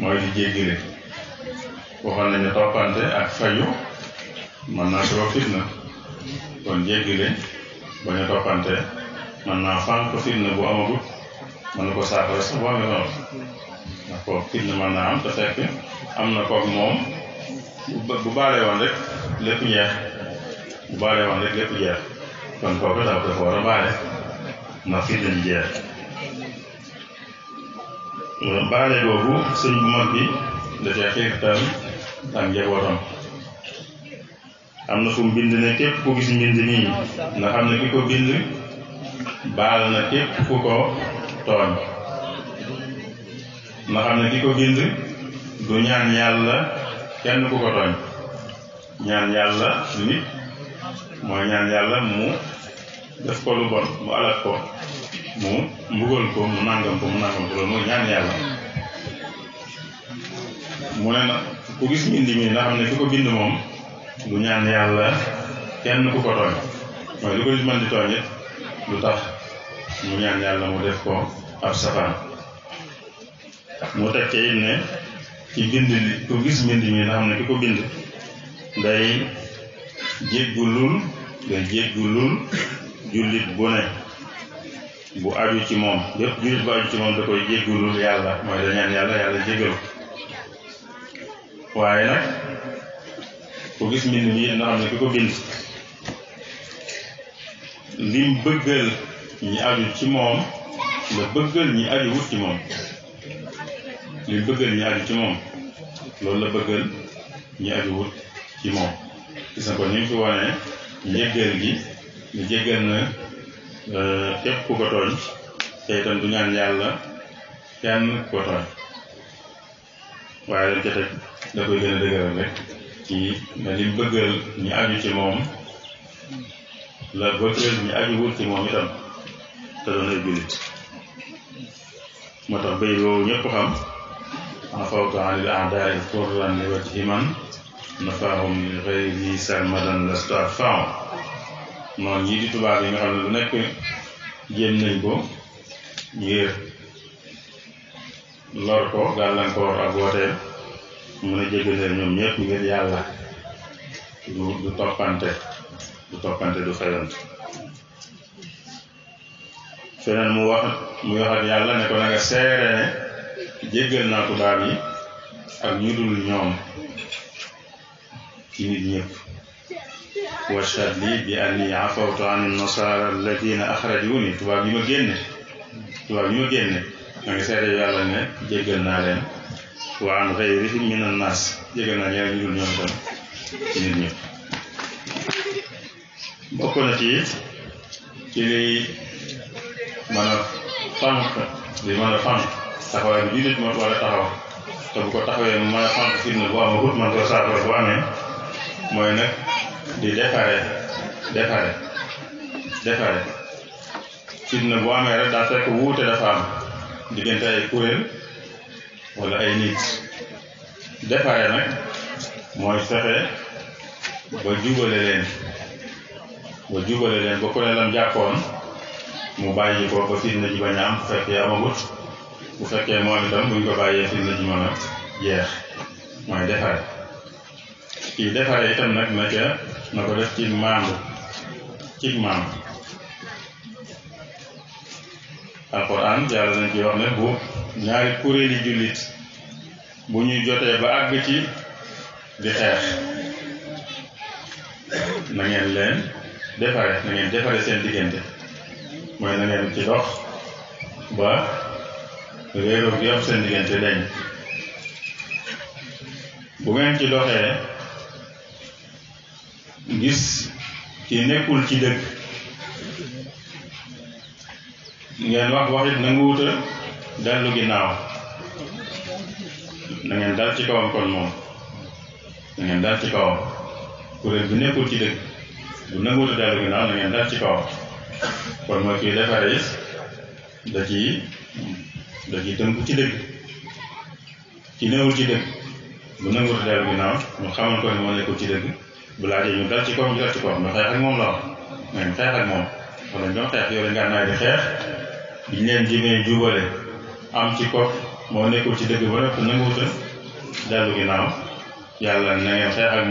S1: mooy di jéggile waxoon nañu toppante ak fayu mën naa si fitna kon jéggile bañ a toppante mën naa fànq fitna bu amagut mën na ko saafara sax bu amee noonu ndax kooku fitna mën naa am te fekk am na koog moom bu baale woon rek lépp ñeex bu baalee woon rek lépp jeex kon kooku dafa dafa war a baale ndax fii dañu jeex baale boobu sëñ bu bi dafay xiirtal ak njabootam am na fu mu ne képp ku gis mbind nii nga xam ne ki ko bind baal na képp ku ko tooñ nga xam ne ki ko bind du ñaan yàlla kenn ku ko tooñ ñaan yàlla nit mooy ñaan yàlla mu def ko lu bon mu alal ko mu mbugal ko mu nangam ko mu nangam ko loolu mooy ñaan yàlla mu ne na ku gis mbind mi nga xam ne ki ko bind moom du ñaan yàlla kenn ku ko tooñ mooy lu ko man di tooñ it lu tax mu ñaan yàlla mu def ko ab safaan mu teg ca it ne ci bind ku gis mbind mi nga xam ne ko bind day jéggulul nga jéggulul jullit bu ne bu aju ci moom yépp jullit bu aju ci moom da koy jéggulul yàlla mooy dañaan yàlla yàlla jéggal waaye nag ku gis mbind mi it nga xam ne ki ko bind lim bëggal ñi aju ci moom la bëggal ñi aju ci moom lim la bëggal ñi aju wut ci moom gis nga ko ñu ngi fi wane njëggal gi ñu jéggal na euh, képp ku ko tooñ te itam du ñaan yàlla kenn ku ko tooñ waaye dañ ca teg da koy gën a dëgëral rek ci na lim bëggal ñu aju ci moom la bëggal ñu aju wut ci moom itam te doon ay jullit moo tax béy boobu ñëpp xam afawtu anil a'daai furran li wajhi man nafaahum min ghayri sarmadan lastu adfa'u noonu ñii di tubaab yi nga xam ne lu nekk jéem nañ ko ngir lor ko gàllankoor ak wooteel mun a jéggaleel ñoom ñëpp ngir yàlla du du toppante du toppante du fayante feneen mu wax mu waxat yàlla ne ko na seere ne jéggal naa tubaab yi ak ñu dul ñoom تينيب وشهد لي بأني عفوت عن النصارى الذين أخرجوني تبابي مجنة تبابي مجنة أنا سأرى يالنا جيغلنا لهم وعن غيرهم من الناس جيغلنا لهم يجلنا لهم تينيب بكونا تيت كلي مانا فانك دي مانا فانك تخوى بجيلة مطورة تخوى تبقى تخوى مانا فانك فينا بوامة هوت مانا تخوى سابر بوامة mooy nag di defare defare defare na bu amee rek daa fekk wuute dafa am diggante ay kuréel wala ay nit defare nag mooy fexe ba jubale leen ba jubale leen ba ne lam jàppoon mu bàyyi ko ba fitna ji bañ bu fekkee amagut bu fekkee moom itam buñ ko bàyyee fitna ji mën a jeex mooy defare kii defaree itam nag na ca na ko def ci maandu ci maandu alquran Yàlla na ci wax ne bu ñaari kuréeli jullit bu ñuy jotee ba àgg ci di xeex na ngeen leen defare na ngeen defare seen diggante mooy na ngeen ci dox ba réeroo gi am seen diggante dañ bu ngeen ci doxee gis ki nekkul ci dëkk ngeen wax waxit nangu wuta dellu ginnaaw na ngeen dal ci kawam kon moom na dal ci kawam bu nekkul ci dëkk bu nanguuta dellu ginnaaw na ngeen dal ci kawam kon mooy kuy defarees da ci da ci tënku ci dëgg ci newul ci dëgg bu nanguuta dellu ginnaaw ñu xamal ko moo nekkul ci dëgg bu laajee ñu dal ci koom ñu xeex ak moom la woon nañ xeex ak moom wala ñoo xeex yore ngànnaay di moo nekkul ci dëgg ba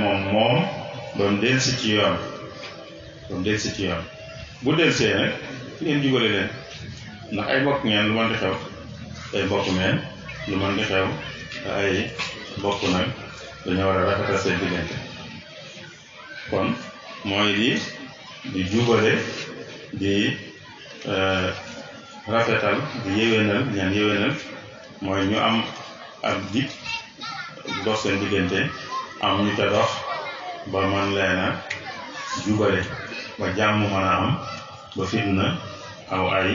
S1: moom moom ba ci yoon ba mu ci yoon bu delsee nag fi ngeen jubale leen ndax ay mbokk ngeen lu mën di xew ay mbokk meen lu mën di xew ay mbokk nag dañoo war a rafetal seen diggante kon mooy di di jubale di euh, rafetal di yéwénal ñaan yéwénal mooy ñu am ak jib dox seen diggante am ñu ca dox ba man leen jubale ba jàmm mën a am ba fitna aw ay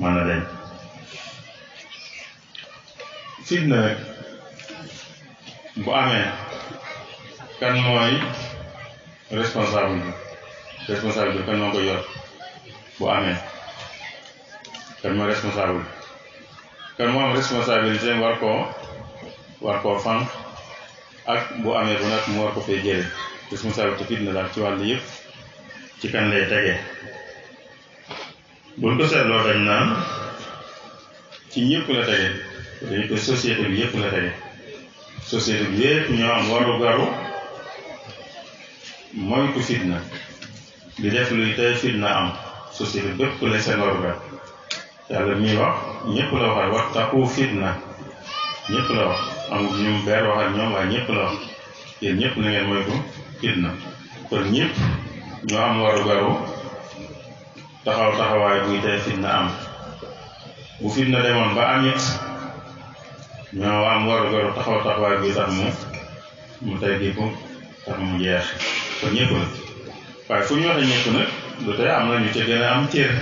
S1: mën a dañ fitna bu amee kan mooy responsable bi responsable kan moo ko yor bu amee kan moo responsable kan moo am responsabilité war koo war koo fànq ak bu amee ba nag mu war ko fay jële responsabilité fit na daal ci wàll yëpp ci kan lay tegee buñ ko seetloo dañ naan ci ñëpp la tege dañu ko société bi yëpp la tege société bi yëpp ñoo am waru garu moytu fitna di def luy tey fitna am société bépp la seen warugar yàlla mi wax ñëpp la waxal wattaqu fitna ñëpp la wax amul ñu beer waxal ñoom waaye ñëpp la wax yéen ñëpp na ngeen moytu fitna kon ñëpp ñoo am warugaru taxaw taxawaay buy tax mu mu tey di tax mu jeex kon ñëpp la waaye fu ñu waxee ñëpp nag du tey am na ñu ca gën a am cër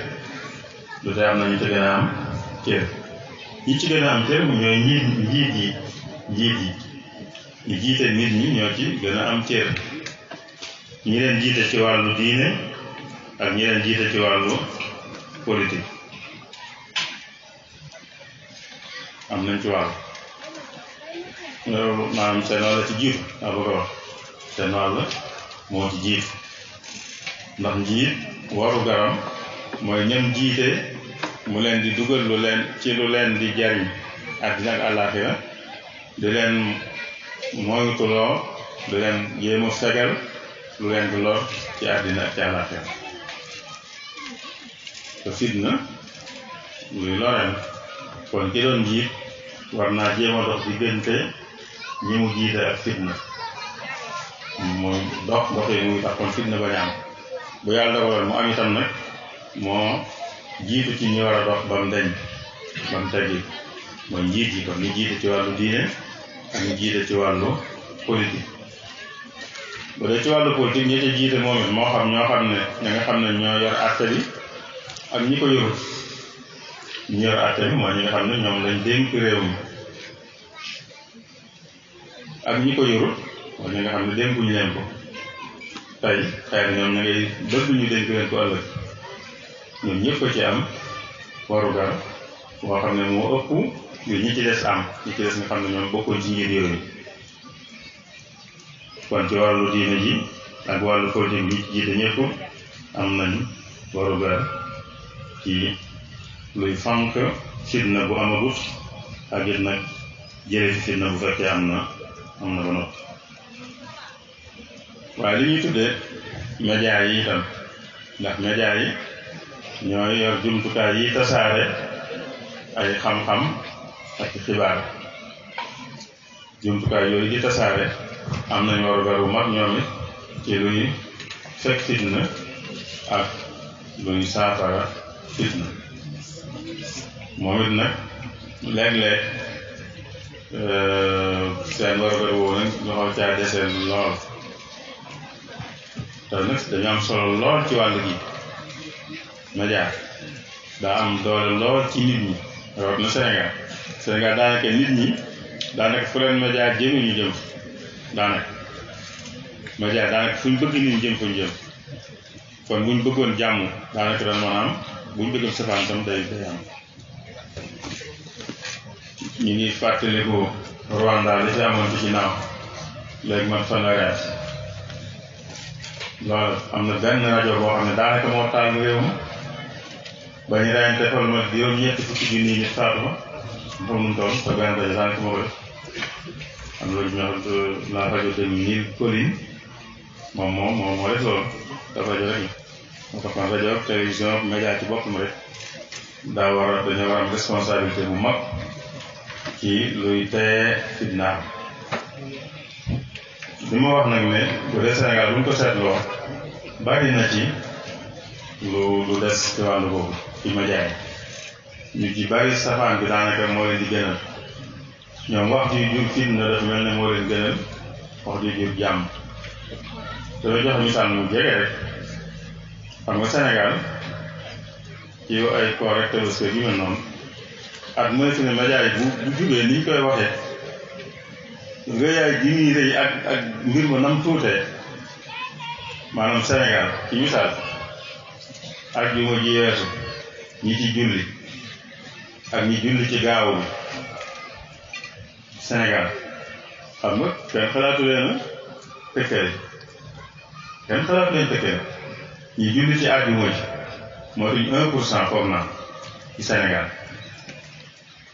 S1: du tey am na ñu ca gën a am cër ñi ci gën a am cër mu ñooy njiit njiit yi njiit yi ñu jiite nit ñi ñoo ci gën a am cër ñi leen jiite ci wàllu diine ak ñi leen jiite ci wàllu politique am nañ ci wàll loolu maanaam seen wàll la ci jiitu laa bëgg a wax seen wàll la moo ci jiit ndax njiit waru mooy ñam jiite mu leen di dugal lu leen ci lu leen di jariñ àddina ak àllaaxira di leen moytuloo di leen jéemu fegal lu leen di lor ci àddina ak ci àllaaxira te fitna luy loreen kon ki doon jiit war naa jéema dox diggante ñi mu ak fitna mooy dox doxee muy tax kon fitna bañ a am bu yàlla dogaloon mu am itam nag moo jiitu ci ñi war a dox ba mu deñ ba mu teggi mooy njiit yi kon ñu jiite ci wàllu diine ak ñu jiite ci wàllu politique bu dee ci wàllu politique ñi ci jiite moom it moo xam ñoo xam ne ña nga xam ne ñoo yor àtte bi ak ñi ko yorut ñi yor àtte bi mooy ñi nga xam ne ñoom lañ dénk réew mi ak ñi ko yorut wala nga xam ne dénkuñu leen ko tey xëy na ñu dénk ko ci am warugar boo xam ne moo ëpp yu ñi ci des am ñi ci xam ne ñoom bokkoon ci ngir yooyu kon ci wàllu diine ji ak wàllu politique bi ci jiite ñëpp am nañ warugar ci luy fànk fitna bu amagut ak it nag jëlee fi fitna bu fekkee am na am na ba waaye li ñuy tuddee média yi itam ndax média yi ñooy yor jumtukaay yi tasaare ay xam-xam ak xibaar jumtukaay yooyu di tasaare am nañ warugar bu mag ñoom it ci luy fekk fitna ak luy saafara fitna moom it nag léeg-léeg seen warugar woo nag ñoo xaw caa desee lool loolu nag dañu am solo lool ci wàll gi média ah. daa am doole lool ci nit ñi rawat na Sénégal kan? Sénégal kan daanaka nit ñi daanaka fu leen média ah, jëme ñu jëm daanaka média ah, daanaka fuñ bëgg nit ñi jëm fuñ jëm kon buñ bëggoon jàmm daanaka doon maanaam buñ bëggoon safaan tam day day am ñu ngi fàttaliku Rwanda li fi amoon ci ginnaaw léegi man fan la loolu am na benn rajo boo xam ne daanaka moo taal réew ma ba ñu daan defal ma juróom ñetti fukki junni nit faatu ma mu xam nu mu toll rajo daanaka moo def am loolu ñu wax la rajo de rajo rek moo tax man rajo télévision ak média ci boppam rek daa war a dañoo war am responsabilité bu mag ci luy teye fitnaam li ma wax nag ne bu dee Sénégal bu ñu ko seetloo bari na ci lu lu des ci wàllu boobu fi ma jaay ñu ci bari safaan bi daanaka moo leen gënal ñoom wax ju jur fitna dafa mel ne moo leen gënal wax ju jur jàmm dama joxe misaal mu jege rek xam nga Sénégal ci ay correcteur yu mel noonu at mooy fi ne média bu bu jubee ni koy waxee rëyaay gi muy rëy ak ak mbir ma nam tuutee maanaam Sénégal ci misaal ak ju ma ji weesu ñi ci julli ak ñi julli ci gaaw Sénégal xam nga kenn xalaatu leen kenn xalaatu leen ñi julli ci àjjuma ji moo tuñ un pour cent foog ci Sénégal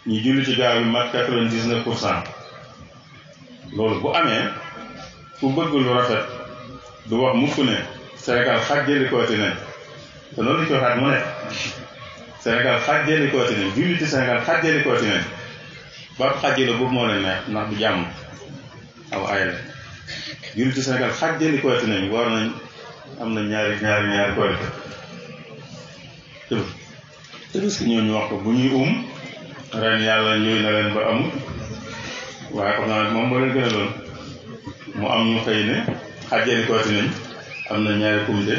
S1: ñi julli ci gaaw bi mat quatre-vingt-dix-neuf pour cent loolu bu amee ku bëgg lu rafet du wax mukk ne Sénégal xàjjalikooti nañ te loolu ci waxaat mu ne Sénégal xàjjalikooti nañ julliti Sénégal xàjjalikooti nañ baab xàjjale boobu moo leen neex ndax bu jàmm aw aay la julliti Sénégal xàjjalikooti nañ war nañ am na ñaari ñaari ñaari koy te te bis ñoo ñu wax ko bu ñuy um ren yàlla yooyu na leen ba amul waaye xam naa moom moo leen gën a loon am ñu na ñaari comité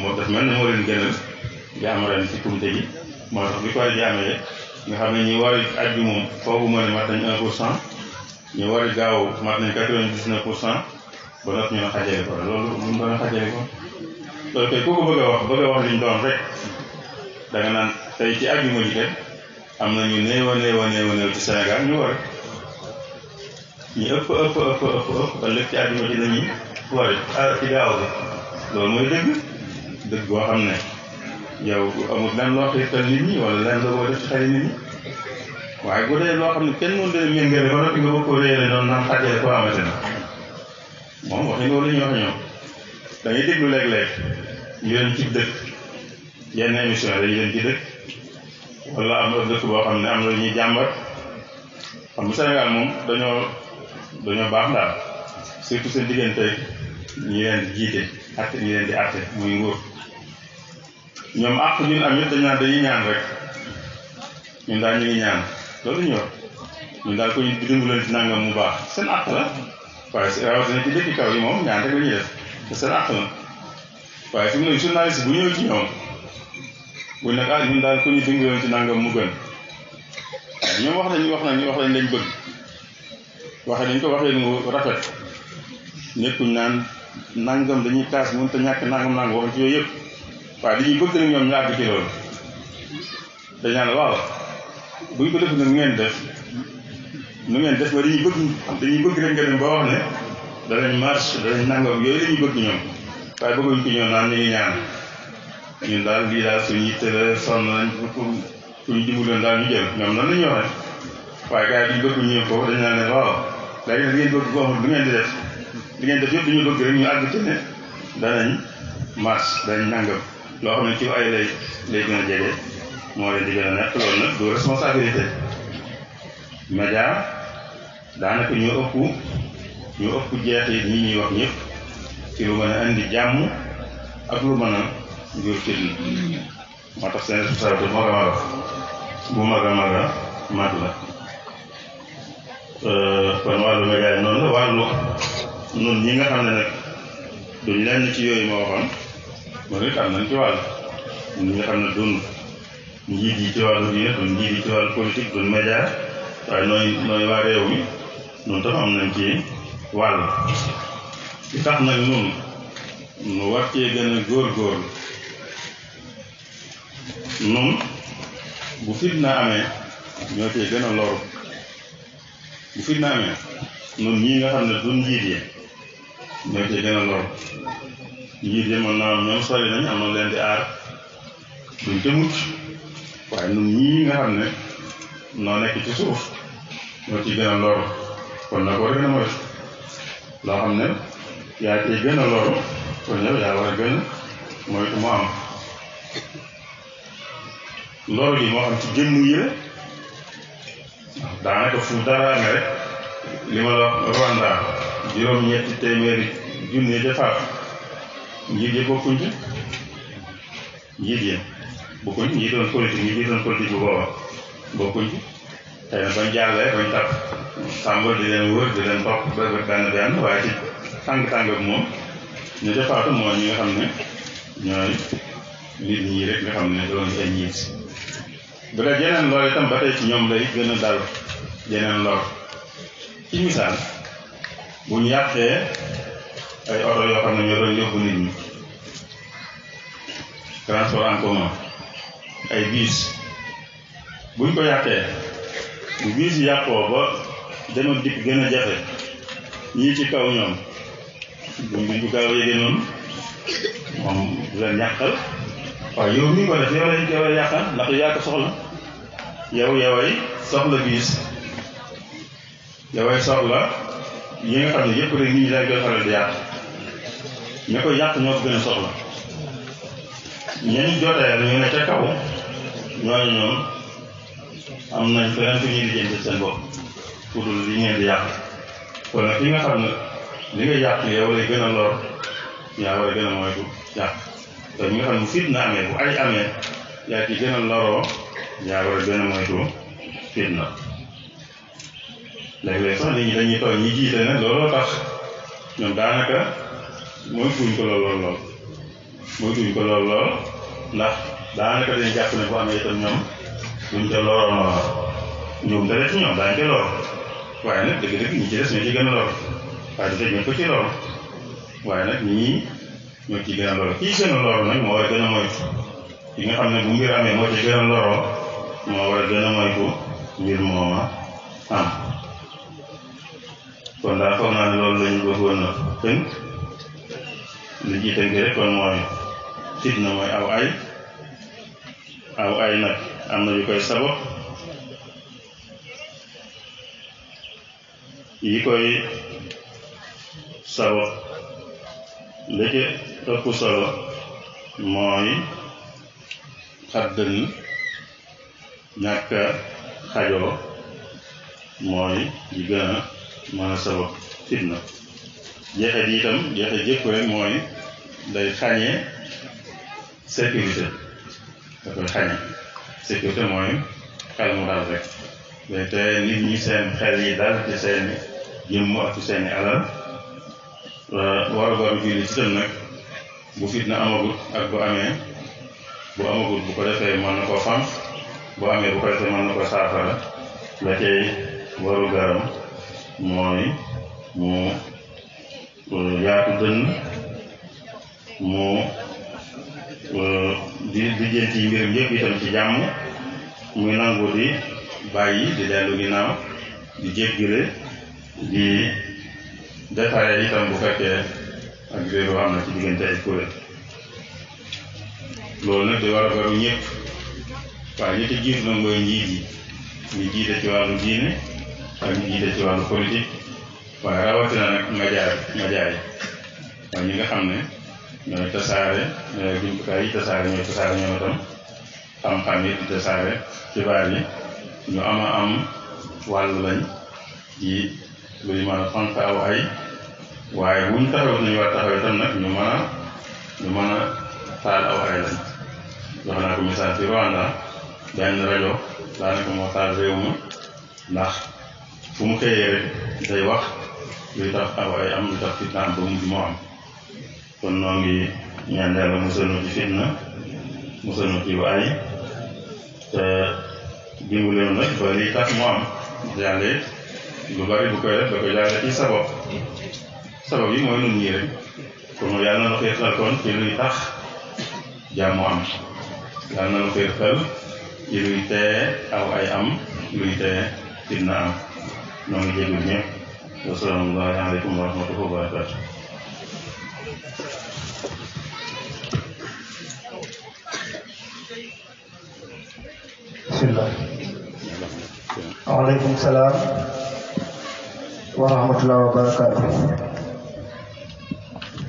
S1: moo daf mel ne moo leen gënal di gi moom nañ ba ne xàjjale ko loolu lu mu doon xàjjale ko loolu tey ku ko bëgg a wax bëgg a wax liñ doon rek da naan tey ci ajju ma am na ñu néew a néew a néew a ci Sénégal ñu war ñu ëpp ëpp ëpp ëpp ëpp loolu mooy dëgg dëgg boo xam ne yow amul lenn loo xiirtal nit ñi wala lenn loo def ci xel nit ñi waaye bu dee loo xam ne kenn mënu dee méngale moom waxi loolu ñu wax ñoom dañuy déglu léeg-léeg ci dëkk yenn émission dañu leen ci dëkk wala am na dëkk boo xam ne am na lu xam nga Sénégal moom dañoo dañoo baax daal surtout seen diggante ñu leen jiite atte ñu leen di atte muy nguur ñoom àq ñun am yëpp dañaan dañuy ñaan rek ñun daal ñu ngi ñaan loolu ñu ñun daal ko ñu dimbu leen mu baax seen àq la waaye si waaye fi mu ne ah daal ko ñu nangam mu gën ñoom wax nañ wax nañ wax nañ lañ bëgg waxe nañ ko waxee mu rafet nekkuñ naan nangam dañuy kaas mën te ñàkk nangam nangam waxuñ ci yooyu yëpp waaye dañuy bëgg nag ñoom ñu àgg ci loolu dañ ngeen def nu ngeen def ma dañuy bëgg dañuy bëgg rek ne danañ marche danañ nangam yooyu dañuy bëgg ñoom waaye bëgguñ ko ñoom naan ñu ngi ñaan ñun daal lii daal suñu yitte la sonn nañ pour suñu daal ñu jël ñoom nan la ñuy waxee waaye gars yi duñ bëgg ñëw foofu dañ naan ne waaw waaye yéen ngeen bëgg ko di def du ngeen def yëpp dañu bëgg rek ñu àgg ci ne danañ mars danañ nangam loo xam ne ci ay lay lay gën a jege moo leen di gën a nekk loolu nag du responsabilité média daanaka ñoo ëpp ñoo ëpp jeexit ñi ñuy wax ñëpp ci lu mën a indi jàmm ak lu mën a mag a mag a mag a mag la kon wàllu médaille noonu la wàllu nun ñi nga xam ne nag duñ lenn ci yooyu ma waxoon mooy xam nañ ci wàll ñi nga xam ne duñ njiit yi ci wàllu diine duñ njiit yi ci wàllu politique duñ média waaye nooy nooy waa réew mi noonu tam am nañ ci wàll ci tax nag nun nu war cee gën a góorgóorlu nun bu fitna amee ñoo cee gën a loru bu fitna amee noonu ñii nga xam ne duñ njiit yi ñoo ca gën a lor njiit yi mën naa ñoom sori nañ am na leen di aar duñ ca waaye ñun ñii nga xam ne noo nekk ci suuf ñoo ci gën a lor kon nag war gën a moytu loo xam ne yaa cee gën a lor kon yow yaa war a gën moytu mu am lor gi moo xam ci jëmm yi la daanaka fu dara amee rek li ma la Rwanda juróom-ñetti téeméeri junni defaat njiit yi bokkuñ ci njiit yi bokkuñ ñi doon politique ñi bu booba bokkuñ ci xëy na bañ jàllee bañ tàpp tàmbali di leen wër di leen topp ba benn benn waaye ci tàng-tàng moom ñu defaatu mooy ñi nga xam ne ñooy nit ñi rek ba tey ci ñoom lay gën a dal yeneen lor ci misaal bu ñu yàqee ay oto yoo xam ne ñoo yóbbu nit ñi transport en commun ay biis buñ ko yàqee bu biis yàqoo ba demal dikk gën a jafe ñii ci kaw ñoom buñ buñ bu gaaw yéegee noonu moom du leen yàqal waaye yow mi ko def yow lañ ndax yaa ko soxla yow yoway soxla biis daway la yi nga xam ne yëpp rek nit ñi dañ koy faral di yàq ña koy yàq ñoo ñu kaw ñooñu ñoom am nañ feneen nga xam ne li nga yàq yow lay gën a lor yaa war a gën a moytu yàq te ñi nga xam ne bu fitna amee bu ay amee yaa ci gën a loroo yaa war a gën a moytu fitna. léeg-léeg sax nit ñi dañuy tooñ ñi jiite ne looloo tax ñoom daanaka mooy tuñ ko lool lool lool mooy tuñ ko lool lool ndax daanaka dañ jàpp ne bu amee itam ñoom duñ ca loroon lor ñoom dara ci ñoom daañu ca lor waaye nag dëgg-dëgg ñi ci des ñoo ci gën a lor waaye du fekk ñu ko ci lor waaye nag ñii kii gën a lor nag moo war a a moytu ki nga xam ne bu mbir amee moo ci gën a loroo moo war mbir mooma am. kon daal foog naa ne loolu lañ bëggoon na tënk li ji tënk rek kon mooy fitna mooy aw ay aw ay nag am na yu koy sabab yi koy sabab la ca ëpp solo mooy xat ñàkk xajoo mooy yi gën a mën a sabab fitna jeexit yi itam jeexit jëkk rek mooy day xàññee sécurité da koy xàññee sécurité mooy xel mu dal rek day nit ñi seen xel yi dal ci seeni jëmm ak ci seeni alal warugaru jullit itam nag bu fitna amagut ak bu amee bu amagut bu ko defee mën na koo fànq bu amee bu ko defee mën na ko saafara la cay warugaram mooy mu yaatu dënn mu di di jël ci mbiram yëpp itam ci jàmm muy nangu di bàyyi di dellu ginnaaw đi jéggile di defaree itam bu fekkee ak réeroo am na ci diggante ay kuréel loolu nag di war a garu ñëpp waaye ñi ci jiitu nag mooy njiit yi ñu jiite ci wàllu diine ak ñu jiite ci wàllu politique waaye rawatina nag média média yi mooy ñi nga xam ne ñooy tasaare ñooy jumtukaay yi tasaare ñooy tasaare ñoom xam-xam yi di tasaare xibaar yi ñu ama am wàll lañ ci luy mën a fanqaaw ay waaye buñ taxaw tam nag ñu mën taal aw ay lañ jox naa ko misaal ci Rwanda benn rajo daanaka moo taal réew mi ndax fu mu xëyee rek day wax luy tax awaay am lu tax fitnaam ba mujj moo am kon noo ngi ñaan yàlla musal nu ci fitna musal nu ci waay te dimbalee nag rek luy tax jàmm am luy tee aw ay am luy tee fitna am نعم جيد مهنيا والسلام عليكم ورحمة الله وبركاته
S2: بسم الله وعليكم السلام ورحمة الله وبركاته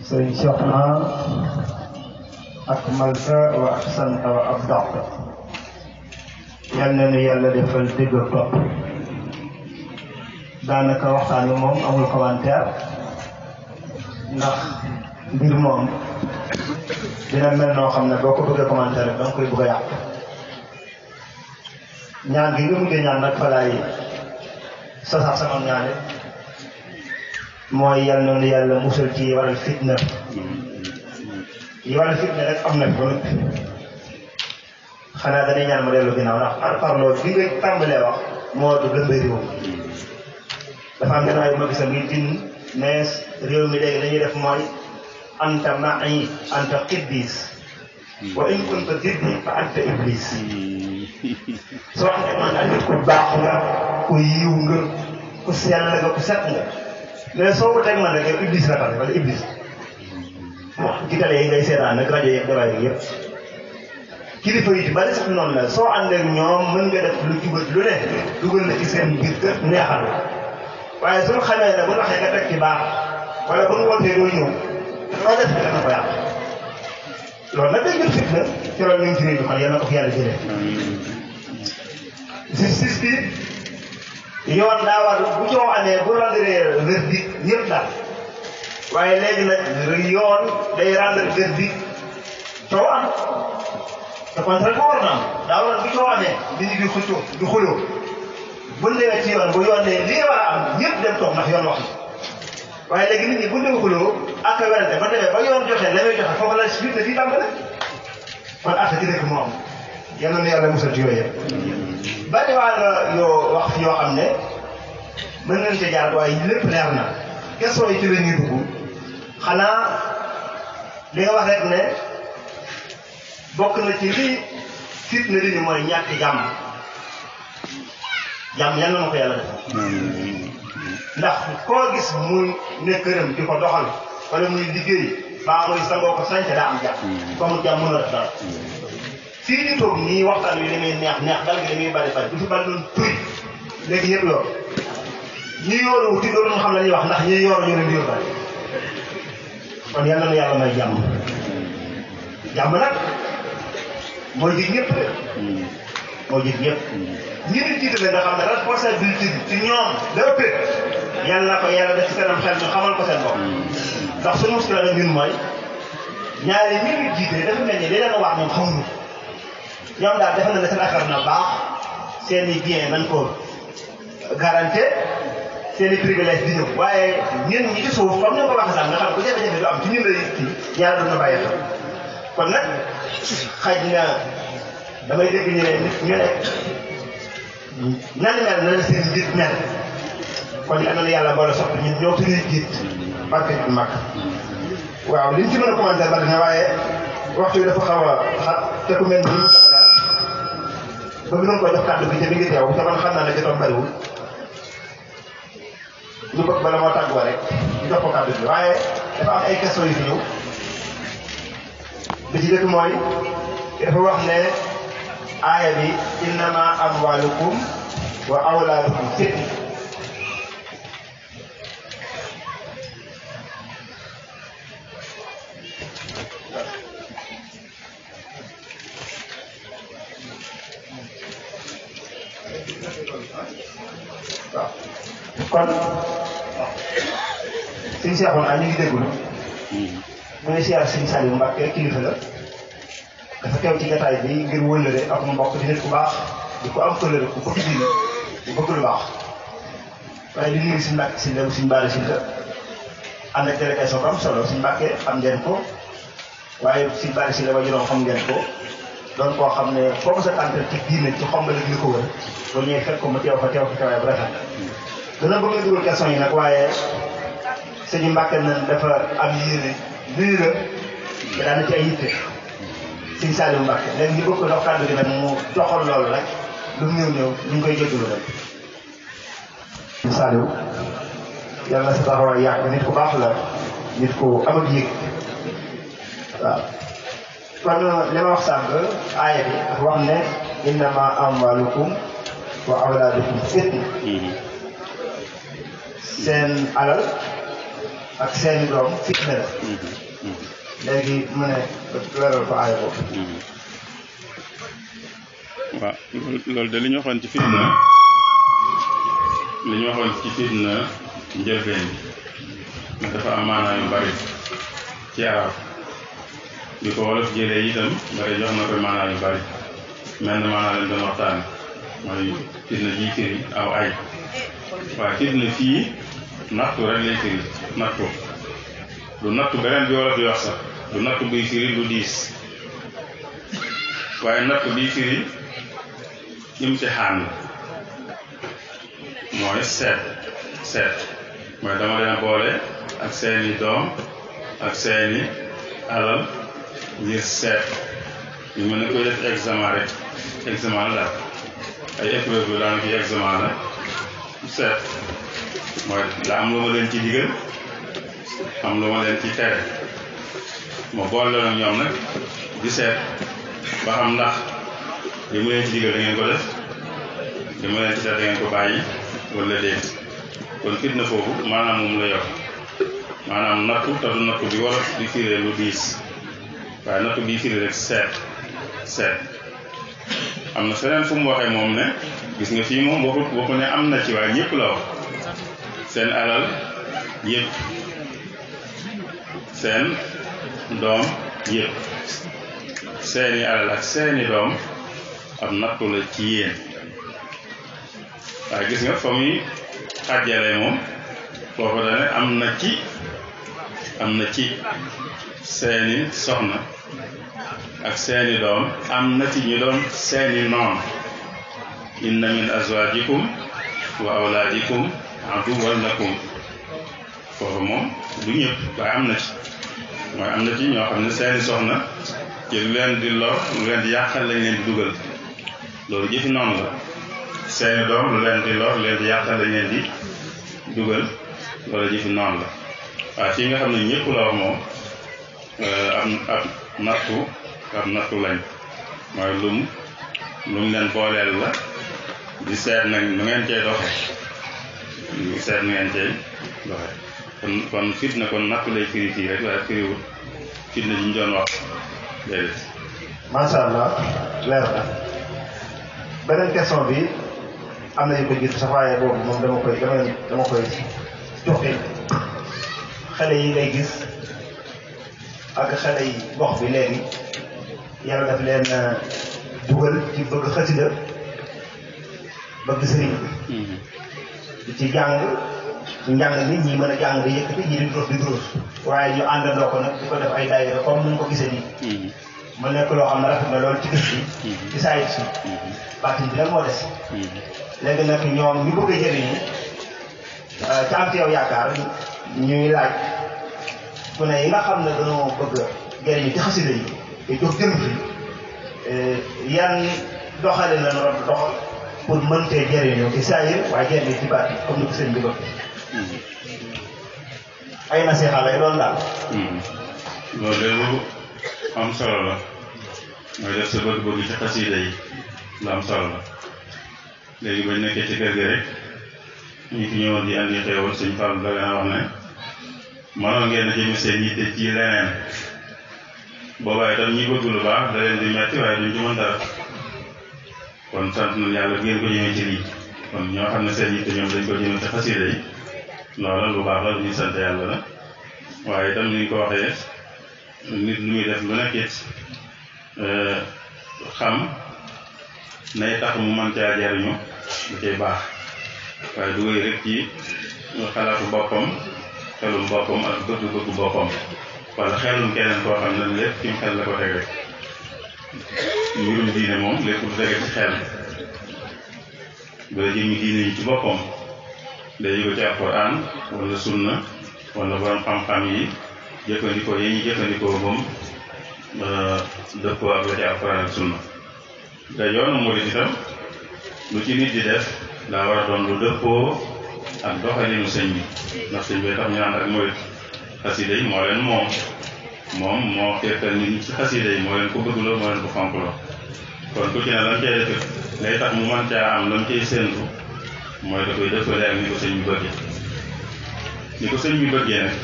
S2: سيد شيخنا أكملت وأحسنت وأبدعت يلا الذي لفلتقر طبيعي daanaka waxtaan wi moom amul commentaire ndax mbir moom dina mel noo xam ne boo ko bëggee commentaire bi da koy bëgg a ñaan gi nga mujjee ñaan nag fa laay sasax sama ñaane mooy yal na yàlla musal ci waral fitna yi waral fitna rek am na fi xanaa dañuy ñaan ma dellu ginnaaw ndax par parloo bi nga tàmbalee wax moo du dëmbee dafa am ganaayu ma gisal ngi jinn mais réew mi léegi dañuy def mooy anta ma'i anta qiddis wa in kunta zidni fa anta iblis soo amee man daal nit ku baax nga ku iblis la tase wala iblis yi ngay seetaan nag rajo yëpp kilifa yi ci bari sax noonu soo àndeeg ñoom mën nga def lu jubat lu ne dugal na ci seen biir neexal waaye suñu xamee ne bu ñu waxee nga teg ci baax wala bu ñu wootee doo ñëw loo def dana ko yàq loolu nag day jël fit la ci loolu ñu ngi ci réew mi kon yal na ko fi yàlla jëlee. justice bi yoon daa war bu coow amee bu rendre verdict ñëpp daal waaye léegi nag yoon day rendre verdict coow am te contraire ko war na am daa war bu coow amee nit ñi di xëccoo di xuloo. bu lewee ci yoon bu yoonee lii war a am ñëpp dem toog ndax yoon wax waaye léegi nit ñi bu ñu xuloo ak a werante ba demee ba yoon joxe la muy joxe foofu la si biir na fii tàmbale kon affaire yi rek moo am yal na musal ci yooyu yëpp. bari waa nga yoo wax fi yoo xam ne mën nañu ca jaar waaye lépp leer na question yi ci la ñuy xanaa li nga wax rek ne bokk na ci lii fitna li ñu mooy ñàkk jàmm. jàmm yal na ko yàlla defal koo gis muy ne këram di ko doxal wala muy liggéey baa muy sangoo ko sañte daa am jàmm comme jàmm mën a def dara fii ñu toog nii waxtaan wi damuy neex neex dal gi damuy bari bari du fi bari doon tuy léegi yëpp yoor ñi yooru wuti doon xam la ñuy wax ndax ñi yooru ñu leen di bari kon yal na nu yàlla may jàmm jàmm nag mooy ji ñëpp moo jëf yëpp. ñi ñu jiitale nga xam ne responsabilité bi ci ñoom la ëppee yàlla na ko def ci kanam xel ñu xamal ko seen bopp. ndax suñu muskila la mooy ñaari ñi ñu jiite dafa mel ni li leen wax moom xamuñu ñoom daal defe na ne seen affaire na baax seen i bien nañ ko garanté seen i privilège di ñëw waaye ñun ni ko waxee sax nga xam ko jafe-jafe am ci ñun la it yàlla doon na bàyyi xel kon nag xaj na. damay dégg ñu ne nit ñu ne na la seen jiit mel kon yal na yàlla boole sopp ñun ñoo suñuy jiit barke bu mag waaw liñ ci mën a commenté bari na waaye waxtu bi dafa xaw a te ku mel ni mu sax ko jox kàddu bi te mi ngi teew te man xam naa ne jotoon bariwul ñu bëgg bala moo tàggoo rek jox ko kàddu bi waaye dafa am ay questions yu fi ñëw bi ci mooy dafa wax ne aaya bi innama wa awlaadukum fitna kon suñu seexoon a ñu ngi déglu mm-hmm. mu ne siyaar Sëriñ Saliou Mbacke dafa teew ci jataay bi ngir wëllëre ak mbokk di ku baax di ko am kóllëre ku bëgg diine ku baax waaye di nuyu si léegi si la bu si la ba juróom xam li ko wër ba ñëwee fekk dafa am yéene nuyu la nga daan ci ay sëñ Saliou Mbacke léegi ñu bëgg ko dox kàddu gi nag loolu rek lu mu ñëw ñëw ñu ngi koy jéggalu rek. sëñ Saliou yàlla nit ku baax la nit ku am ak yëg waaw kon li ma wax sànq aaya bi dafa wax ne innama mhm. seen alal ak seen doom fitna la mhm. Mhm. léegi mu
S1: mm-hmm. loolu de li ñu waxoon ci fitna li ñu waxoon ci fitna njëlbeen bi dafa am maanaam yu bari ci arab bi ko wolof jëlee itam bari jox na ko maanaam bari mel na maanaam lañ doon mooy fitna ji aw ay waaye fitna fii nattu rek lay nattu du nattu beneen bi wolof di wax sax du natt buy firi lu diis waaye natt biy firi imtixaan mooy seet seet mooy dama leen boole ak seeni doom ak seeni alal ngir seet ñu mel ni koy def examen rek examen la daal ay épreuve yu daanaka examen la seet mooy la am lu ma leen ci digal am lu ma leen ci tere moo boole leen ñoom nag di seet ba xam ndax li mu leen ci digal da ngeen ko def li mu leen ci def da ko bàyyi wala déet kon fitna foofu maanaam moom la yor maanaam nattu te du bi wala di firee lu diis waaye nattu bii firi rek seet seet am na feneen fu mu waxee moom ne gis nga fii moom waxut waxu ne am na ci waaye ñëpp la wax seen alal yëpp seen doom yépp seeni alal ak seeni doom ab nattu la ci yéen waaye gis nga fa muy xàjjale moom foofu dane am na ci am na ci seeni soxna ak seeni doom am na ci ñu doon seeni noon inna min azwajikum wa awlaadikum aduwwan lakum foofu moom du ñëpp waaye am na ci mooy am na ci ñoo xam ne seeni soxna ci lu leen di lor lu leen di yàqal lañ leen di dugal loolu jëfi noonu la seeni doom lu leen di lor lu leen di yàqal lañ leen di dugal loolu jëfi noonu la waaye fii nga xam ne ñëpp la wax moom euh, am ab nattu ab nattu lañ mooy lum lum leen booleel la di seet nag nu ngeen cee doxe di seet nu ngeen cee doxe kon kon fitna kon nattu lay firi fii rek waaye firiwut wax déedéet.
S2: macha allah leer na beneen question bi am na yu ko gis safaaye boobu moom dama koy dama dama koy yi ngay gis ak xale yi gox bi léegi yàlla leen euh, dugal ci bëgg xasida bëgg sëriñ bi mhm. di ci jàng. ñu jàngal nit ñi mën a jàng di yëkkati ñi di dóor di dóor waaye ñu àndandoo ko nag di ko def ay daayira comme ni nga ko gisee nii. Mhm. mu nekk loo xam ne rafet na loolu ci gis bi mhm. ci saa mhm. yi ci bàttin bi lan moo des léegi nag ñoom ñu bëgg a jëriñu euh, ca am ci yow yaakaar ñuy laaj ku ne yi nga xam ne dañoo bëgg jëriñu ci xasida yi te jox jëm fi euh, yan doxale la dox pour mëntee jëriñu ci saa yi waaye jëriñu ci bàtt comme ni ko sëñ bi bëgg ay nasiha lay de lu
S1: am solo la mooy def sa bëgg-bëgg ci xasiida yi lu am solo la léegi bañ nekkee ci kër gi rek ñu fi ñëwoon di andi xéewal suñ Fall da leen wax ne mënoon ngeen a jëme seen yitte ci leneen boobaa itam ñi bëgg lu baax da di metti waaye duñ ci mën kon sant nañu yàlla ngeen ko jëmee ci lii kon ñoo xam ne seen yitte ñoom dañ ko jëme ci xasiida yi loola lu baax la lu ñuy sant yàlla la waaye itam ni ñu ko waxee nit lu muy def lu nekk it euh, xam nay tax mu mën caa jariñu da cay baax waaye du wéy rek ci xalaatu boppam xelum boppam ak bëgg-bëggu boppam wala xelum keneen koo xam ne lépp ci xel la ko tege mbirum diine moom lépp lu tege ci xel bu la jëmi diine yi ci boppam day jóge ci alquran wala sunna wala borom xam-xam yi jëfandikoo yi ñuy jëfandikoo moom euh, dëppoo ak la ci alquran ak sunna te yoonu murid itam lu ci nit di def dëppoo ak doxalinu sëñ bi ndax sëñ bi tax ñu naan ak murid xasida moo leen moom moom moo xeetal nit ñi ci xasida yi moo leen ko bëgg moo leen ko fonk loo kon ku ci ne lan lay tax mu mën caa am lan cay séentu mooy da koy def ko leer ni ko sëñ bi bëggee ni ko sëñ bi bëggee nag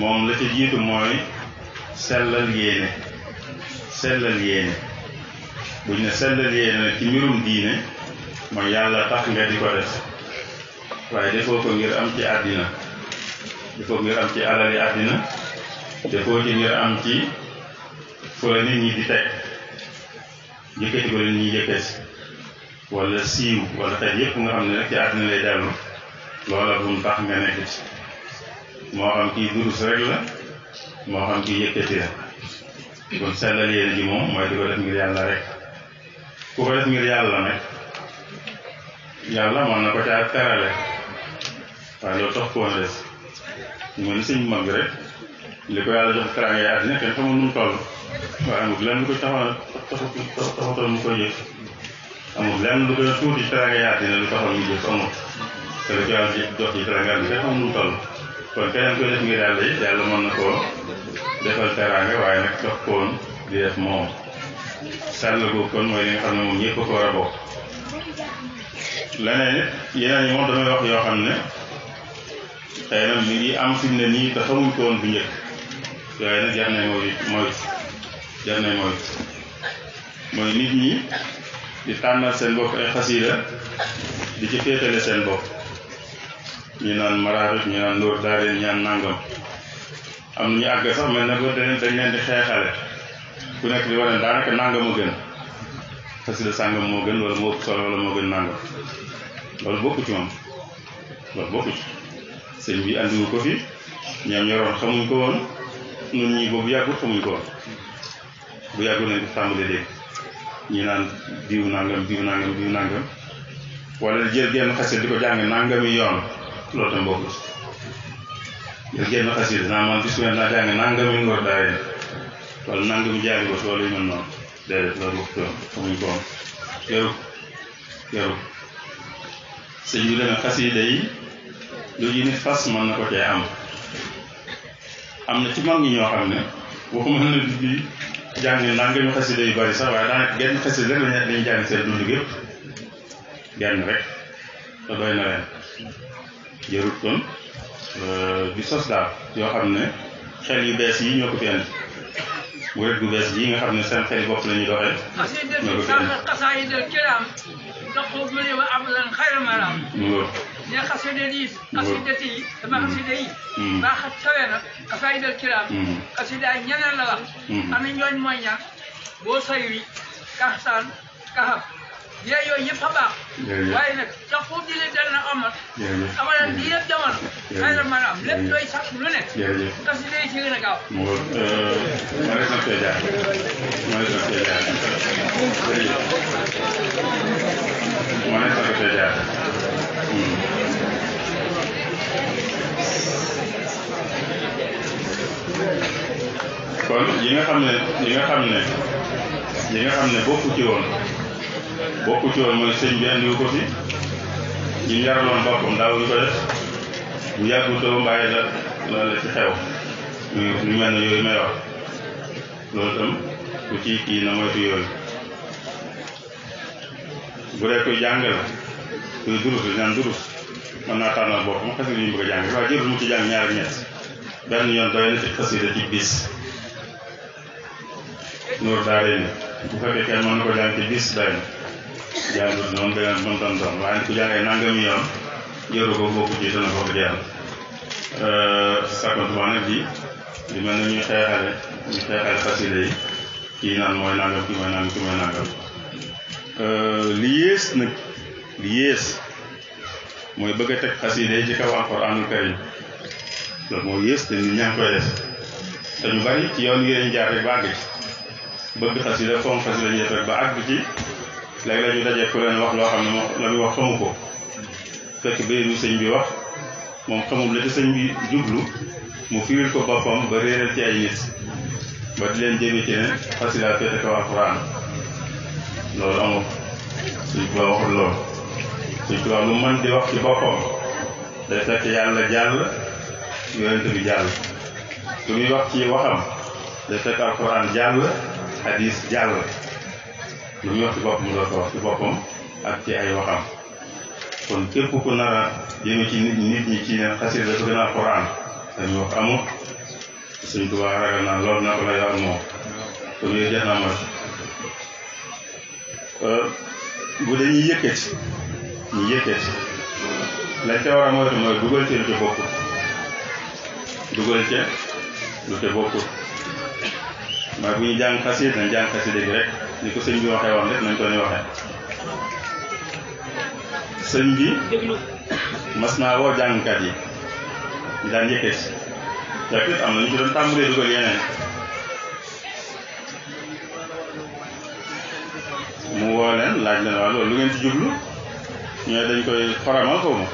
S1: moom la ca jiitu mooy sellal yéene sellal yéene buñ ne sellal yéene nag ci mbirum diine mooy yàlla tax nga di ko def waaye defoo ko ngir am ci àddina defoo ngir am ci alali àddina defoo ci ngir am ci fu nit ñi di teg yëkkati ko leen ñuy yëkkati wala siiw wala xeet yëpp nga xam ne rek ci àddina lay dellu loola bu mu tax nga nekk moo xam kii durus rek la moo xam kii yëkkati la kon sellal yéene ji moom mooy di ko def ngir yàlla rek ku ko def ngir yàlla nag yàlla mën na ko caa terale waaye loolu tax koo des mu ne suñ mag rek li ko yàlla jox teraanga yi àddina kenn xamul nu mu toll waaye amul lenn lu ko taxaw taxaw taxaw mu ko yëg amul lenn lu gën a tuuti teranga yaatina lu ko xam ñu jëf kon keneen koy def ngir yàlla it yàlla mën na koo defal teranga waaye nag jox koon di def moom sell googu kon mooy li xam ne moom ñëpp ko war leneen yeneen yi moom damay wax yoo xam ne xëy na ngi am fi mu nii te xamuñ ko bu njëkk yooyu nag jar nañ mooy mooy jar nañ mooy mooy nit ñi di tànnal seen bopp ay xasiida di ci féetale seen bopp ñu naan maraabit ñu naan ndóor daareen ñu naan nàngam am na ñu àgg sax mel na ko dañ leen di xeexale ku nekk di wane daanaka nàngam a gën xasida sàngam moo gën wala moo ëpp solo wala moo gën nàngam loolu bokku ci moom loolu bokku ci sëñ bi andiwu ko fi ñoom ñoroon xamuñ ko woon nun ñi boobu yàggul xamuñ ko woon bu yàggul nañ tàmbali dégg ñu naan diw nangam diw nangam diw nangam wala jël genn xasida di ko jàng nangami yoon loolu tam bokkul jël genn xasida naa man bis bu naa jàng nangami ngóor daay wala nangami jaari bos wala yu mel noonu déedéet loolu bokkutoon xamuñ ko woon yoru yoru sëñ bi demee xasida yi lu ji nit fas mën na ko cee am am na ci mag ñi ñoo xam ne waxuma na bi jàng nangami xasida yu bari sax waaye daanaka genn xasida rek lañ lañ jàng seen dund yëpp genn rek te doy na leen jërut kon bi euh, sos daal yoo xam ne xel yu bees yi ñoo ko fi bu rek gu bees yi nga xam ne seen xel bopp la ñuy doxee ñoo ko fi andi لي قصيدة ليس قصيدتي ما قصيدة ما خد سوينا قصائد الكرام قصيدة أن ينال لغا أمين يوين موينيا بو سيري كحسان كهب
S2: ya yooyu yëpp a baax waaye nag sax foofu di leen dal na amal amal di yëpp jamono xëy na maanaam lépp doy sax lu nekk parce que day ci gën a gaaw
S1: ma ne sant kon yi nga xam ne yi nga xam ne yi nga xam ne bokku ci woon bokku ci woon mooy sëñ bi andiwu ko fi ñi yaraloon boppam daawuñu ko def bu yàggu mbàyyi la loolu ci xew ñu mel ne yooyu may loolu itam ku ci kii na moytu yooyu bu dee jàng la ñun durus la ñaan durus mën naa tànnal boppam xasida ñu bëgg a jàng waaye jërul mu ci jàng ñaar ak benn yoon doy na ci xasida ci bis noor daaree bu fekkee kenn mën na ko jàng ci bis doy na jàngul noonu beneen doon doon waaye ku jàng ay nangami yoon jëru ko bokku ci dana ko jàng euh, sakantuma nag ji di mel na ñuy xeexale ñu xeexale xasida yi kii naan mooy nangam kii mooy nangam euh, li yées nag li yées mooy bëgg a teg xasida yi ci kaw alxuraanul karim loolu moo yées te nit ñaa ngi ñu bari ci yoon yi ngeen jaar rek ba àgg ci bëgg xasida fonk xasida ñuy loo xam ne moom la muy wax bi wax moom xamul la ci sëñ bi jublu mu fiwil ko boppam ba réeral ci ay nit ba di leen jëme ci ne xasida féete kaw alxuraan loolu amul loolu suñ tubaab lu mën di wax ci boppam day fekk yàlla jàll yonent bi jàll lu wax ci waxam day fekk alxuraan jàll hadis jàll lu muy wax ci boppam doo ko wax ci boppam ak ci ay waxam kon képp ku nar a ci nit ñi ci ne xasir dafa gën alxuraan dañu wax amut suñ tubaab ragal naa loolu na la yor moom kon yooyu jeex naa mooy bu dañuy yëkkati ñu yëkkati lañ ca war a moytu mooy dugal ca lu ca bokkut dugal ca lu ca bokkut mooy bu ñu jàng xasiid nañ jàng xasiid gi rek ni ko sëñ bi waxee woon rek nañ ko ni waxee sëñ bi mas naa woo jàngkat yi ñu daan yëkkati fekk am na ñu ci doon tàmbalee dugal yeneen mu woo leen laaj leen loolu lu ngeen ci jublu ñooy dañ koy xoromal xaw ma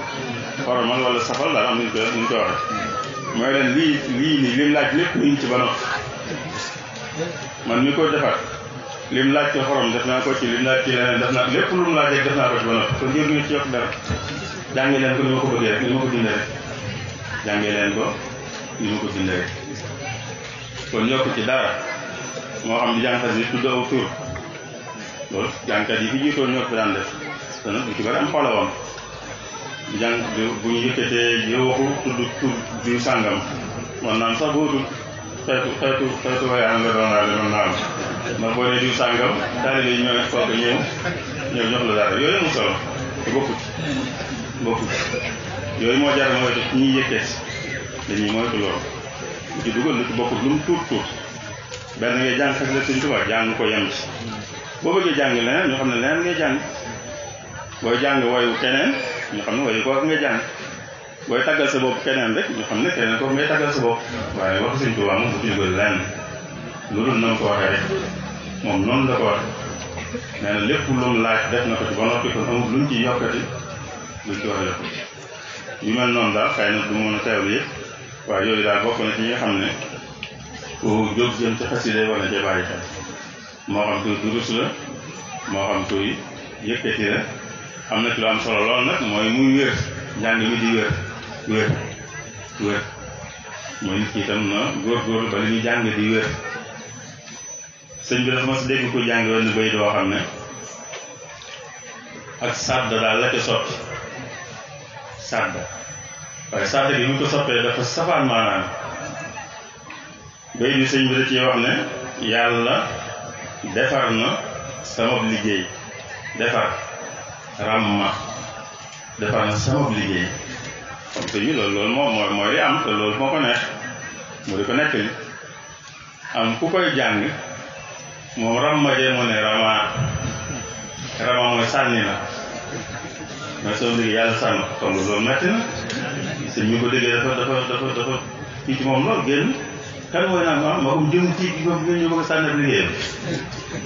S1: xoromal wala safal daal am nañ koy nuñ koy waxe mooy leen lii lii nii lim laaj lépp ñu ci ba noppi man mi ko defar lim laaj ko xorom def naa ko ci lim laaj ci leneen def naa lépp lu mu laaj rek def naa ko ci ba noppi kon ñu ci yokk dara jàngee leen ko ni ma ko bëggee rek ni ma ko dindee rek jàngee leen ko ni ma ko dindee rek kon yokk ci dara moo xam di jàng xas yi tudd aw tur loolu jàngkat yi fi jiitoon ñoo ko daan def dana lu ci bari am xoola woon jàng bu ñu yëkkatee yow waxu tudd diw sàngam man naan sax boo tudd xeetu xeetu xeetu wayaan nga doon daal man naa ndax boo nee diw sàngam taalibe yi ñoo soog a ñëw ñëw jox la dara yooyu mu solo te bokkut bokkut yooyu moo jar mooy def ñu yëkkat dañuy moytu loolu lu ci dugal lu ci bokkut lu mu tuut tuut benn ngay jàng sax la Sëñ Tuubaa jàng ko yem ci boo bëggee jàng leneen ñu xam ne leneen booy jàng woyu keneen ñu xam ne woyu kooku nga jàng booy tàggal sa bopp keneen rek ñu xam ne keneen kooku ngay tàggal sa bopp waaye waxu Sëñ Tuubaa moom bu tugal lenn loolu noonu ko waxee rek moom noonu la ko waxee nee na lépp lu mu laaj def na ko ci ba noppi kon amul lu ñu ciy yokkati luñ ci war a yokk yu mel noonu daal xëy na du mën a teewlu yëpp waaye yooyu daal bokk na ci ñi nga xam ne ku jóg jëm ci xasida war na ca bàyyi am na ci lu am solo lool nag mooy muy wér njàng mi di wér wér wér mooy nit ki itam na góorgóorlu ba li ñuy jàng di wér sëñ bi dafa dégg ku jàng wenn bay xam ne ak sàdda daal la ca sotti sàdda waaye sàdda gi mu ko soppee dafa safaan maanaam bay bi sëñ bi da ci wax ne yàlla defar na sama liggéey defar ràmma defar na sama liggéey comme sëñ bi loolu loolu moom mooy mooy li am moo ko neex mu di ko nekk am ku koy jàng moom ràmma jee mu ne rama rama mooy sànni na mooy sama liggéey yàlla sànn xam nga loolu metti na sëñ bi ko déggee dafa dafa dafa moom loolu génn kan mooy naan ma ma ko jëm ci gi moom ñu bëgg sànni ab liggéeyam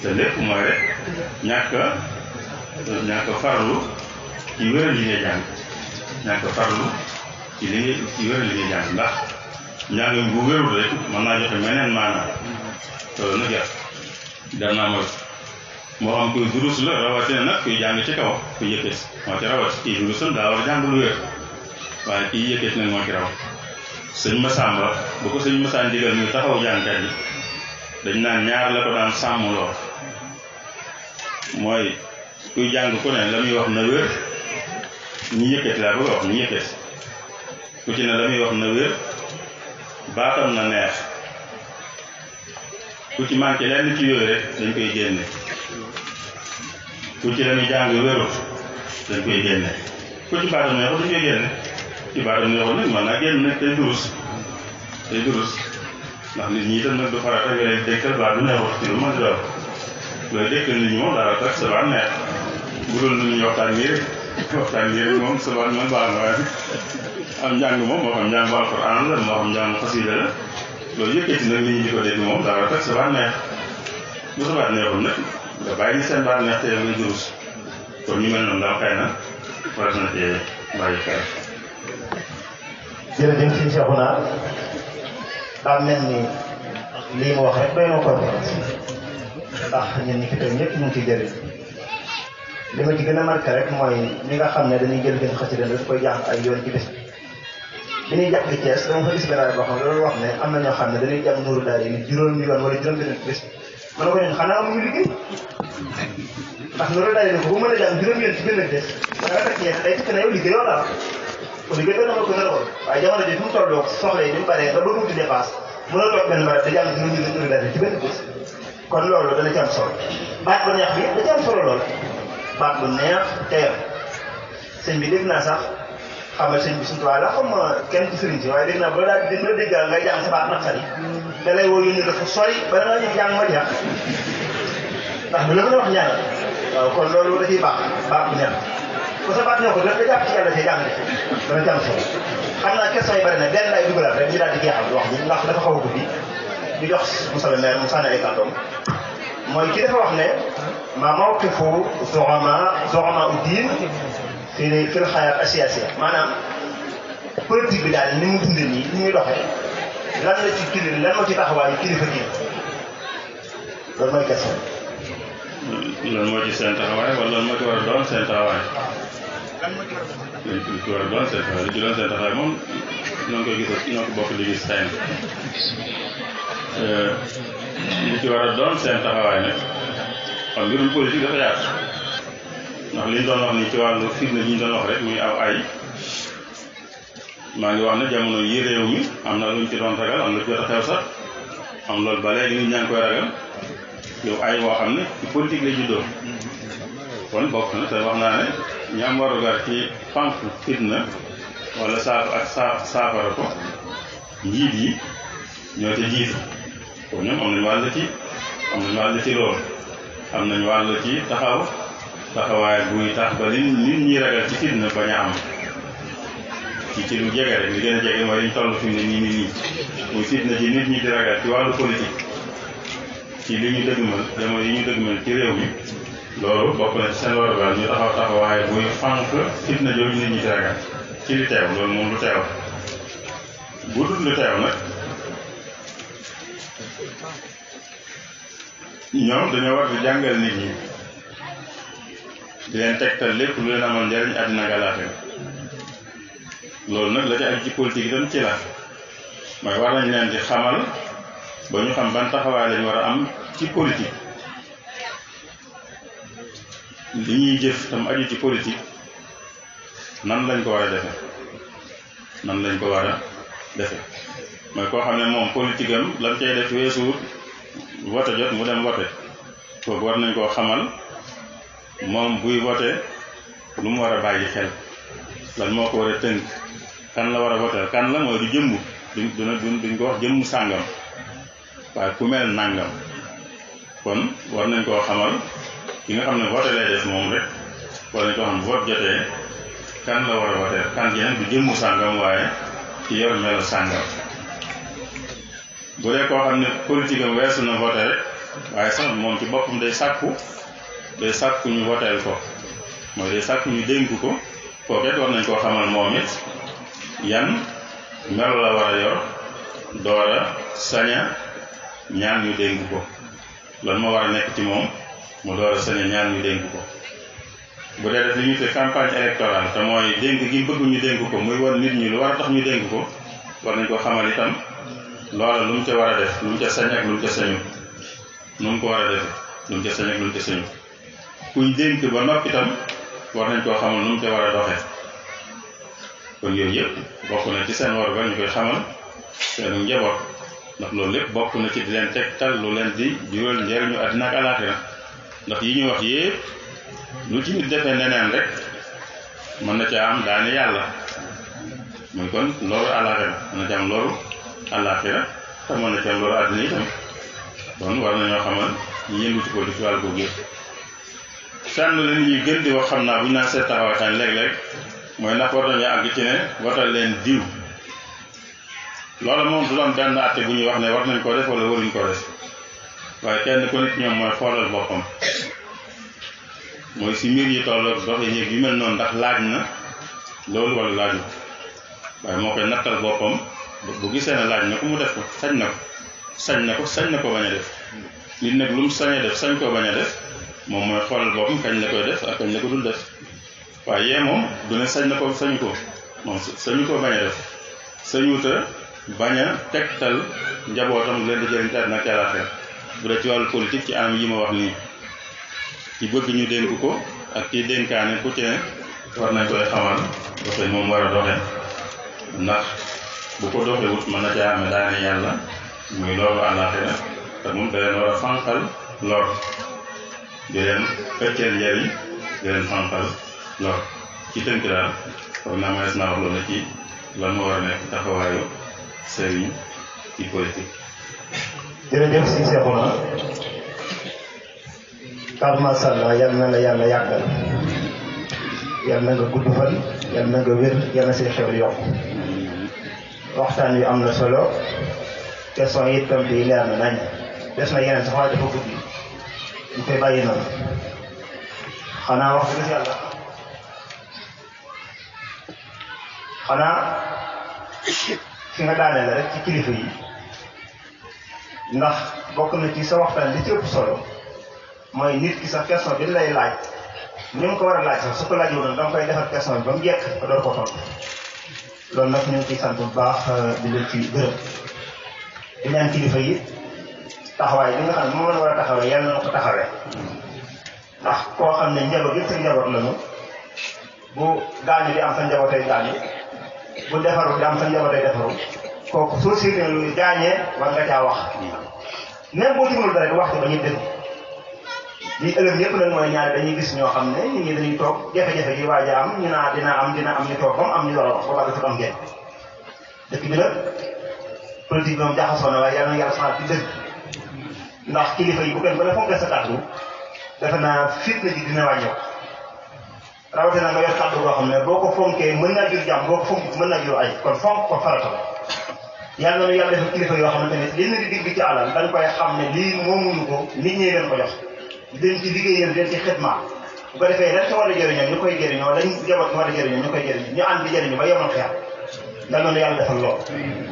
S1: te lépp mooy rek ñàkk a farlu ci wéral li ngay jàng ñàkk a farlu ci li ngay ci wéral li ngay jàng ndax njàng bu wérul rek mën naa joxe meneen maanaam loolu nag yàq dem naa mooy moo xam kuy durus la rawatina nag kuy jàng ci kaw kuy yëkkat moo ci rawat kii durusam daa war jàng lu wér waaye kii yëkkat nag moo ci rawat sëñ Masamba bu ko sëñ Masamba digal muy taxaw jàngkat yi dañ naan ñaar la ko daan sàmm lool mooy kuy jàng ku ne la muy wax na wér ñi yëkkati laa bëgg a wax ñi yëkkati ku ci ne la muy wax na wér baatam na neex ku ci manqué lenn ci yooyu rek dañ koy génne ku ci la muy jàng wérut dañ koy génne ku ci baatam neexut dañ koy génne ci nag génn nag tey durus tey durus ndax nit ñi itam nag du farata nga leen dégtal baat bu neexut ci lu mën di doon looy dégtal nit ñi moom dara tax sa baat neex bu doon lu ñuy waxtaan nii rek waxtaan nii rek moom sabaan man baal ma waaye am njàng moom moo la moo xam njàng xasida la loolu yëkkati nag nit ñi ko dégg moom daa rafet sa baat neex bu sa baat neexul nag nga bàyyi seen baat neex te yow nga kon ñu mel noonu daal xëy na war na cee bàyyi xel.
S2: jërëjëf sëñ Cheikhouna daa mel ni lii mu wax rek doy na ko ndax ñun ñi fi tey ñëpp ñu ngi ciy jëriñ. li ma ci gën a marqué rek mooy ñi nga xam ne dañuy jël benn xasida daf koy jàng ay yoon ci bis bi ñuy jàpp ci Thiès dama fa gis benn boo xam ne loolu wax ne am na ñoo xam ne dañuy jàng Nuuru Daarayni juróomi yoon wala juróom benn bis ma ne ko ñun xanaa amuñu liggéey ndax Nuuru Daarayni ko bu mën a jàng juróomi yoon ci benn bis da nga fekk Thiès day fekk na yow liggéey yow la ko liggéey doon na ma ko gën a woon waaye jamono ji fi mu toll soxla yi ni mu baree nga bëgg wuti dépasse mën a toog benn barab te jàng juróomi yoon Nuuru Daarayni ci benn bis kon loolu dana ci am solo baat ba neex bi da ci am solo lool baat bu neex teer sëñ bi dégg naa sax xamal sëñ bi suñu tubaab la xam ma kenn ci sëriñ si waaye dégg naa ba daal dégg nga déggal ngay jàng sa baat naqari da lay woo yónni dafa sori ba nga ñëw jàng ma jeex ndax du la mën a wax ñaar waaw kon loolu da ciy baax baat bu neex ko sa baat neex ko da jàpp ci yàlla see jàng de dana jàng solo xam naa question yi bari na benn laay dugalaat rek ñu daal di jeexal wax ji ndax dafa xaw a guddi di jox monsieur le maire mu sànni ay kàddoom mooy ki dafa wax ne ما موقف زعماء زعماء الدين في في الحياة السياسية؟ ما أنا قلت بدال نمدني نمدحه لما تقول لما تتحوى يكيد فكين لما يكسر
S1: لما يجسنا تحوى ولا لما تقول دون سنتحوى لما تقول دون سنتحوى لجلان سنتحوى مون نونكو جيسوس نونكو بوكو لجيسوس لما تقول دون سنتحوى نفس kon mbirum politique dafa yaatu ndax li ñu doon wax ni ci wàllu fitna ñu doon wax rek muy aw ay maa ngi wax ne jamono yi réew mi am na lu ñu ci doon ragal am na jot a xew sax am loolu ba léegi nit ñaa ay woo xam ne ci politique la juddoo kon bokk wax naa ñi am warugar ci fànq fitna wala saafara ko njiit yi ñoo te jiitu kon ñoom am nañu wàll ci am nañu wàll ci loolu. am nañ wàll ci taxaw taxawaay buy tax ba li nit ñi ragal ci fitna bañ a am ci ci lu jege li gën a jege mooy liñ toll fi mu ne nii nii muy fitna ci nit ñi ragal ci wàllu politique ci li ñu dëgmal jamono yi ñu dëgmal ci réew mi loolu bokk na ci seen warugar ñu taxaw taxawaay buy fànq fitna jooju nit ñi ragal ci li teew loolu moom lu teew bu lu teew nag. ñoom dañoo war jàngal nit ñi di leen tegtal lépp lu leen amal njariñ àddina ak àllaaxira loolu nag la ca ak ci politique itam ci la mooy war nañ leen di xamal ba ñu xam ban taxawaay lañ war a am ci politique li ñuy jëf tam aju ci politique nan lañ ko war a defe nan lañ ko war a defe mooy koo xam ne moom politique am lam def weesuwut wote jot mu dem wote kooku war nañ koo xamal moom buy wote lu mu war a bàyyi xel lan moo ko war a tënk kan la war a woteel kan la mooy du jëmm duñ duñ duñ ko sàngam waaye ku mel nàngam kon war nañ koo xamal ki nga xam ne vote lay moom rek war nañ koo xam vote jotee kan la war a woteel kan jeneen du jëmm sàngam waaye ci yor melo sàngam bu dee koo xam ne politique am weesu na voté rek waaye sax moom ci boppam day sàkku day sàkku ñu voteel ko mooy day sàkku dénk ko kooket war nañ koo xamal moom it yan melo la war a yor doora saña ñaan ñu dénk ko loolu ma war a nekk ci moom mu doora saña ñaan ñu dénk ko bu dee def li ñu te campagne électorale te mooy dénk gi bëgguñu ñu dénk ko muy war nit ñi lu war a tax ñu dénk ko war nañ koo xamal itam loola lu mu ca war a def lu mu ca sañ ak lu mu ca sañu nu ko war a def lu mu ca sañ ak lu mu dénk ba noppi war nañ koo xamal nu mu ca war a doxee kon yooyu yëpp bokk na ci seen war ba ñu koy xamal seen njaboot ndax loolu lépp bokk na ci di leen tegtal lu leen di jural njariñu àddina ak alaaxira ndax yi ñu wax yëpp lu ci nit defee neneen rek mën na ca am daane yàlla muy kon loolu alaaxira mën na ca am loolu àllaaxira te mën na cam loolu àddina itam kon war nañoo xamal ñu yëngatu ko di ci wàll googu yëpp fenn la gën di wax xam naa bu ñu naan seet taxawaay tamit léeg-léeg mooy ndax watal leen diw loolu moom du bu ñuy wax ne war nañ ko def wala ko def waaye kenn ku nit ñoom mooy xoolal boppam mooy si mbir yi tolloog dox yi ñëg yu mel noonu ndax laaj na loolu wala laaju waaye moo koy nattal boppam bu gisee na laaj na ko mu def ko sañ na ko sañ na ko sañ na ko bañ a def nit nag lu mu sañ a def sañ koo bañ a def moom mooy xoolal boppam kañ la koy def ak kañ la ko dul def waaye yee moom du ne sañ na ko sañ ko moom sañu koo bañ a def sañuuta bañ a tegtal njabootam leen di jëriñ tar nag yàlla xel bu dee ci wàllu politique ci anam yi ma wax nii ci bëgg ñu dénk ko ak ci dénkaane ku ci ne war nañ koy xamal doxe moom war a doxe ndax bu ko doxee wut mën na caa amee daane yàlla muy loolu àllaaxira te mun da leen war a fànqal lor di leen ëcceel njariñ di leen fànqal lor ci tënk daal foog naa ma naa wax loolu ci lan moo a nekk taxawaayu sëriñ ci politique.
S2: jërëjëf si Seexuna Pape Massalla yal na la yàlla yàggal yal na nga gudd fan yal na nga wér yal na say xew yokk waxtaan wi am na solo question yi itam bi leer na nañ des na yeneen sax waaye dafa guddi ñu koy bàyyi noonu xanaa wax dëgg yàlla xanaa fi nga daane rek ci kilifa yi ndax bokk na ci sa waxtaan li ci solo mooy nit ki sa question bi lay laaj ni mu ko war a laaj sax su ko laaj woon da nga koy defar question ba mu jekk door ko tontu loolu nag ñu ngi sant bu baax euh, di leen ci gërëm di ñaan kilifa yi taxawaay bi xam ne moom la war a taxawee yàlla na ko taxawee ndax koo xam ne njaboot yëpp sa njaboot bu gaañu di am sa njabootay gaañu bu defaru di am lu gaañee war nga caa wax même boo ci mënul di wax ba ñu dégg lii ëllëg yëpp nag mooy ñaari dañuy gis ñoo xam ne nit ñi dañuy toog jafe-jafe gi waaj a am ñu naa dina am dina am ni toog ba am ñu door a wax ba pare dafa am ngeen dëkk moom jaxasoo ndax kilifa yi naa fitna ji dina wàññeeku xam ne boo ko fonkee mën naa jur ko fonk mën naa jur yoo xam ne lii moomuñu ko nit dinañ ci liggéeyal dinañ ci xidma bu ko defee dañ ca war a jëriñoo ñu koy jëriñoo lañ jabar war a jëriñoo ñu koy jëriñoo ñu am di jëriñu ba yemal xeer yal na yàlla defal lool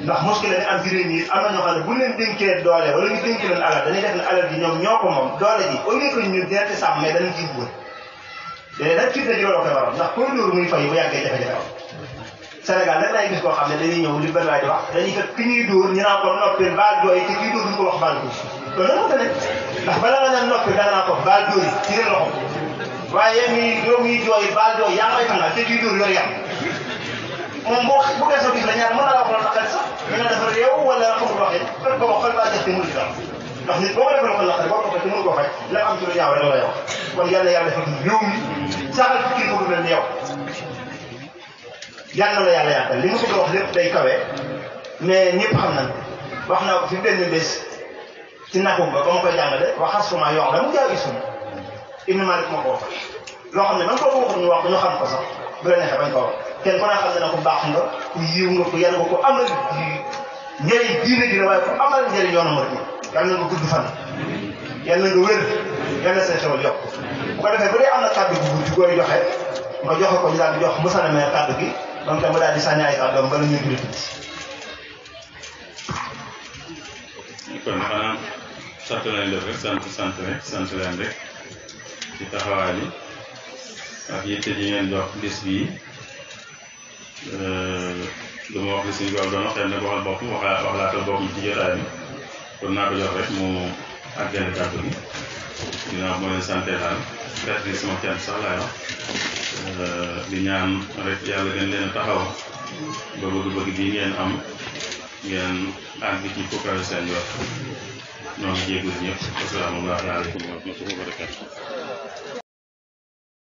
S2: ndax muskile ni am ci réew mi am na ñoo xam ne bu leen dénkee doole wala ñu dénk leen alal dañuy def ne alal ji ñoom ñoo ko moom doole ji au lieu que ñu deerte sàmm mais danañ ci buur léegi nag ci ji looloo koy waral ndax koy dóor muy fay bu yàggee jafe-jafe am Sénégal nag lay gis koo xam ne dañuy ñëw li di wax dañuy fekk ki ñuy dóor ñu naan ko noppil baal jooy te kii dóor du ko wax baal ko ah dana nga naan noppi dara waaye mii doom yi jooy baal te kii dóor yooyu yam boo bu dee soo gis la ñaar la waxoon sax mën na dafa réew wala xamu waxee fël ko fël baa jëf te mënul dara ndax nit boo ko defal ko naqari boo ko te mënul koo la am ci lu ñaaw rek la yow kon yàlla ko du la yàlla yàggal li mu bëgg a wax lépp day kawe mais ñëpp xam nañ wax naa ko fi benn ci nagum ba ba ma koy jàngale waxas fu ma yoo xam ne mu jaaw isum Ibn ma ko loo xam ne man koo ko ñu wax ko ñu xam ko sax bu la neexee bañ ko wax kenn ku ne xam ne na ku baax nga ku yiw nga ku yan nga ko defee daal jox mu sànni mee kàddu gi donc mu daal di sànni ay kàddoom ba la ñuy julli
S1: kon xanaa sant leen def rek sant sant rek sant leen rek ci ngeen jox bis bii lu euh, ma wax li suñu ko doon xëy na waxal bopp waxaa waxlaatal bopp ci jotaay kon naa ko jox rek mu àggale kàddu bi ginnaaw moo leen sante daal perte bi sama kenn sax laay euh, ñaan rek yàlla gën leen a taxaw ba bëgg-bëgg bii ngeen am ilyen àgg ci foofu seen yoon ñoo a jégalu ñëpp asalaamaaleykum wa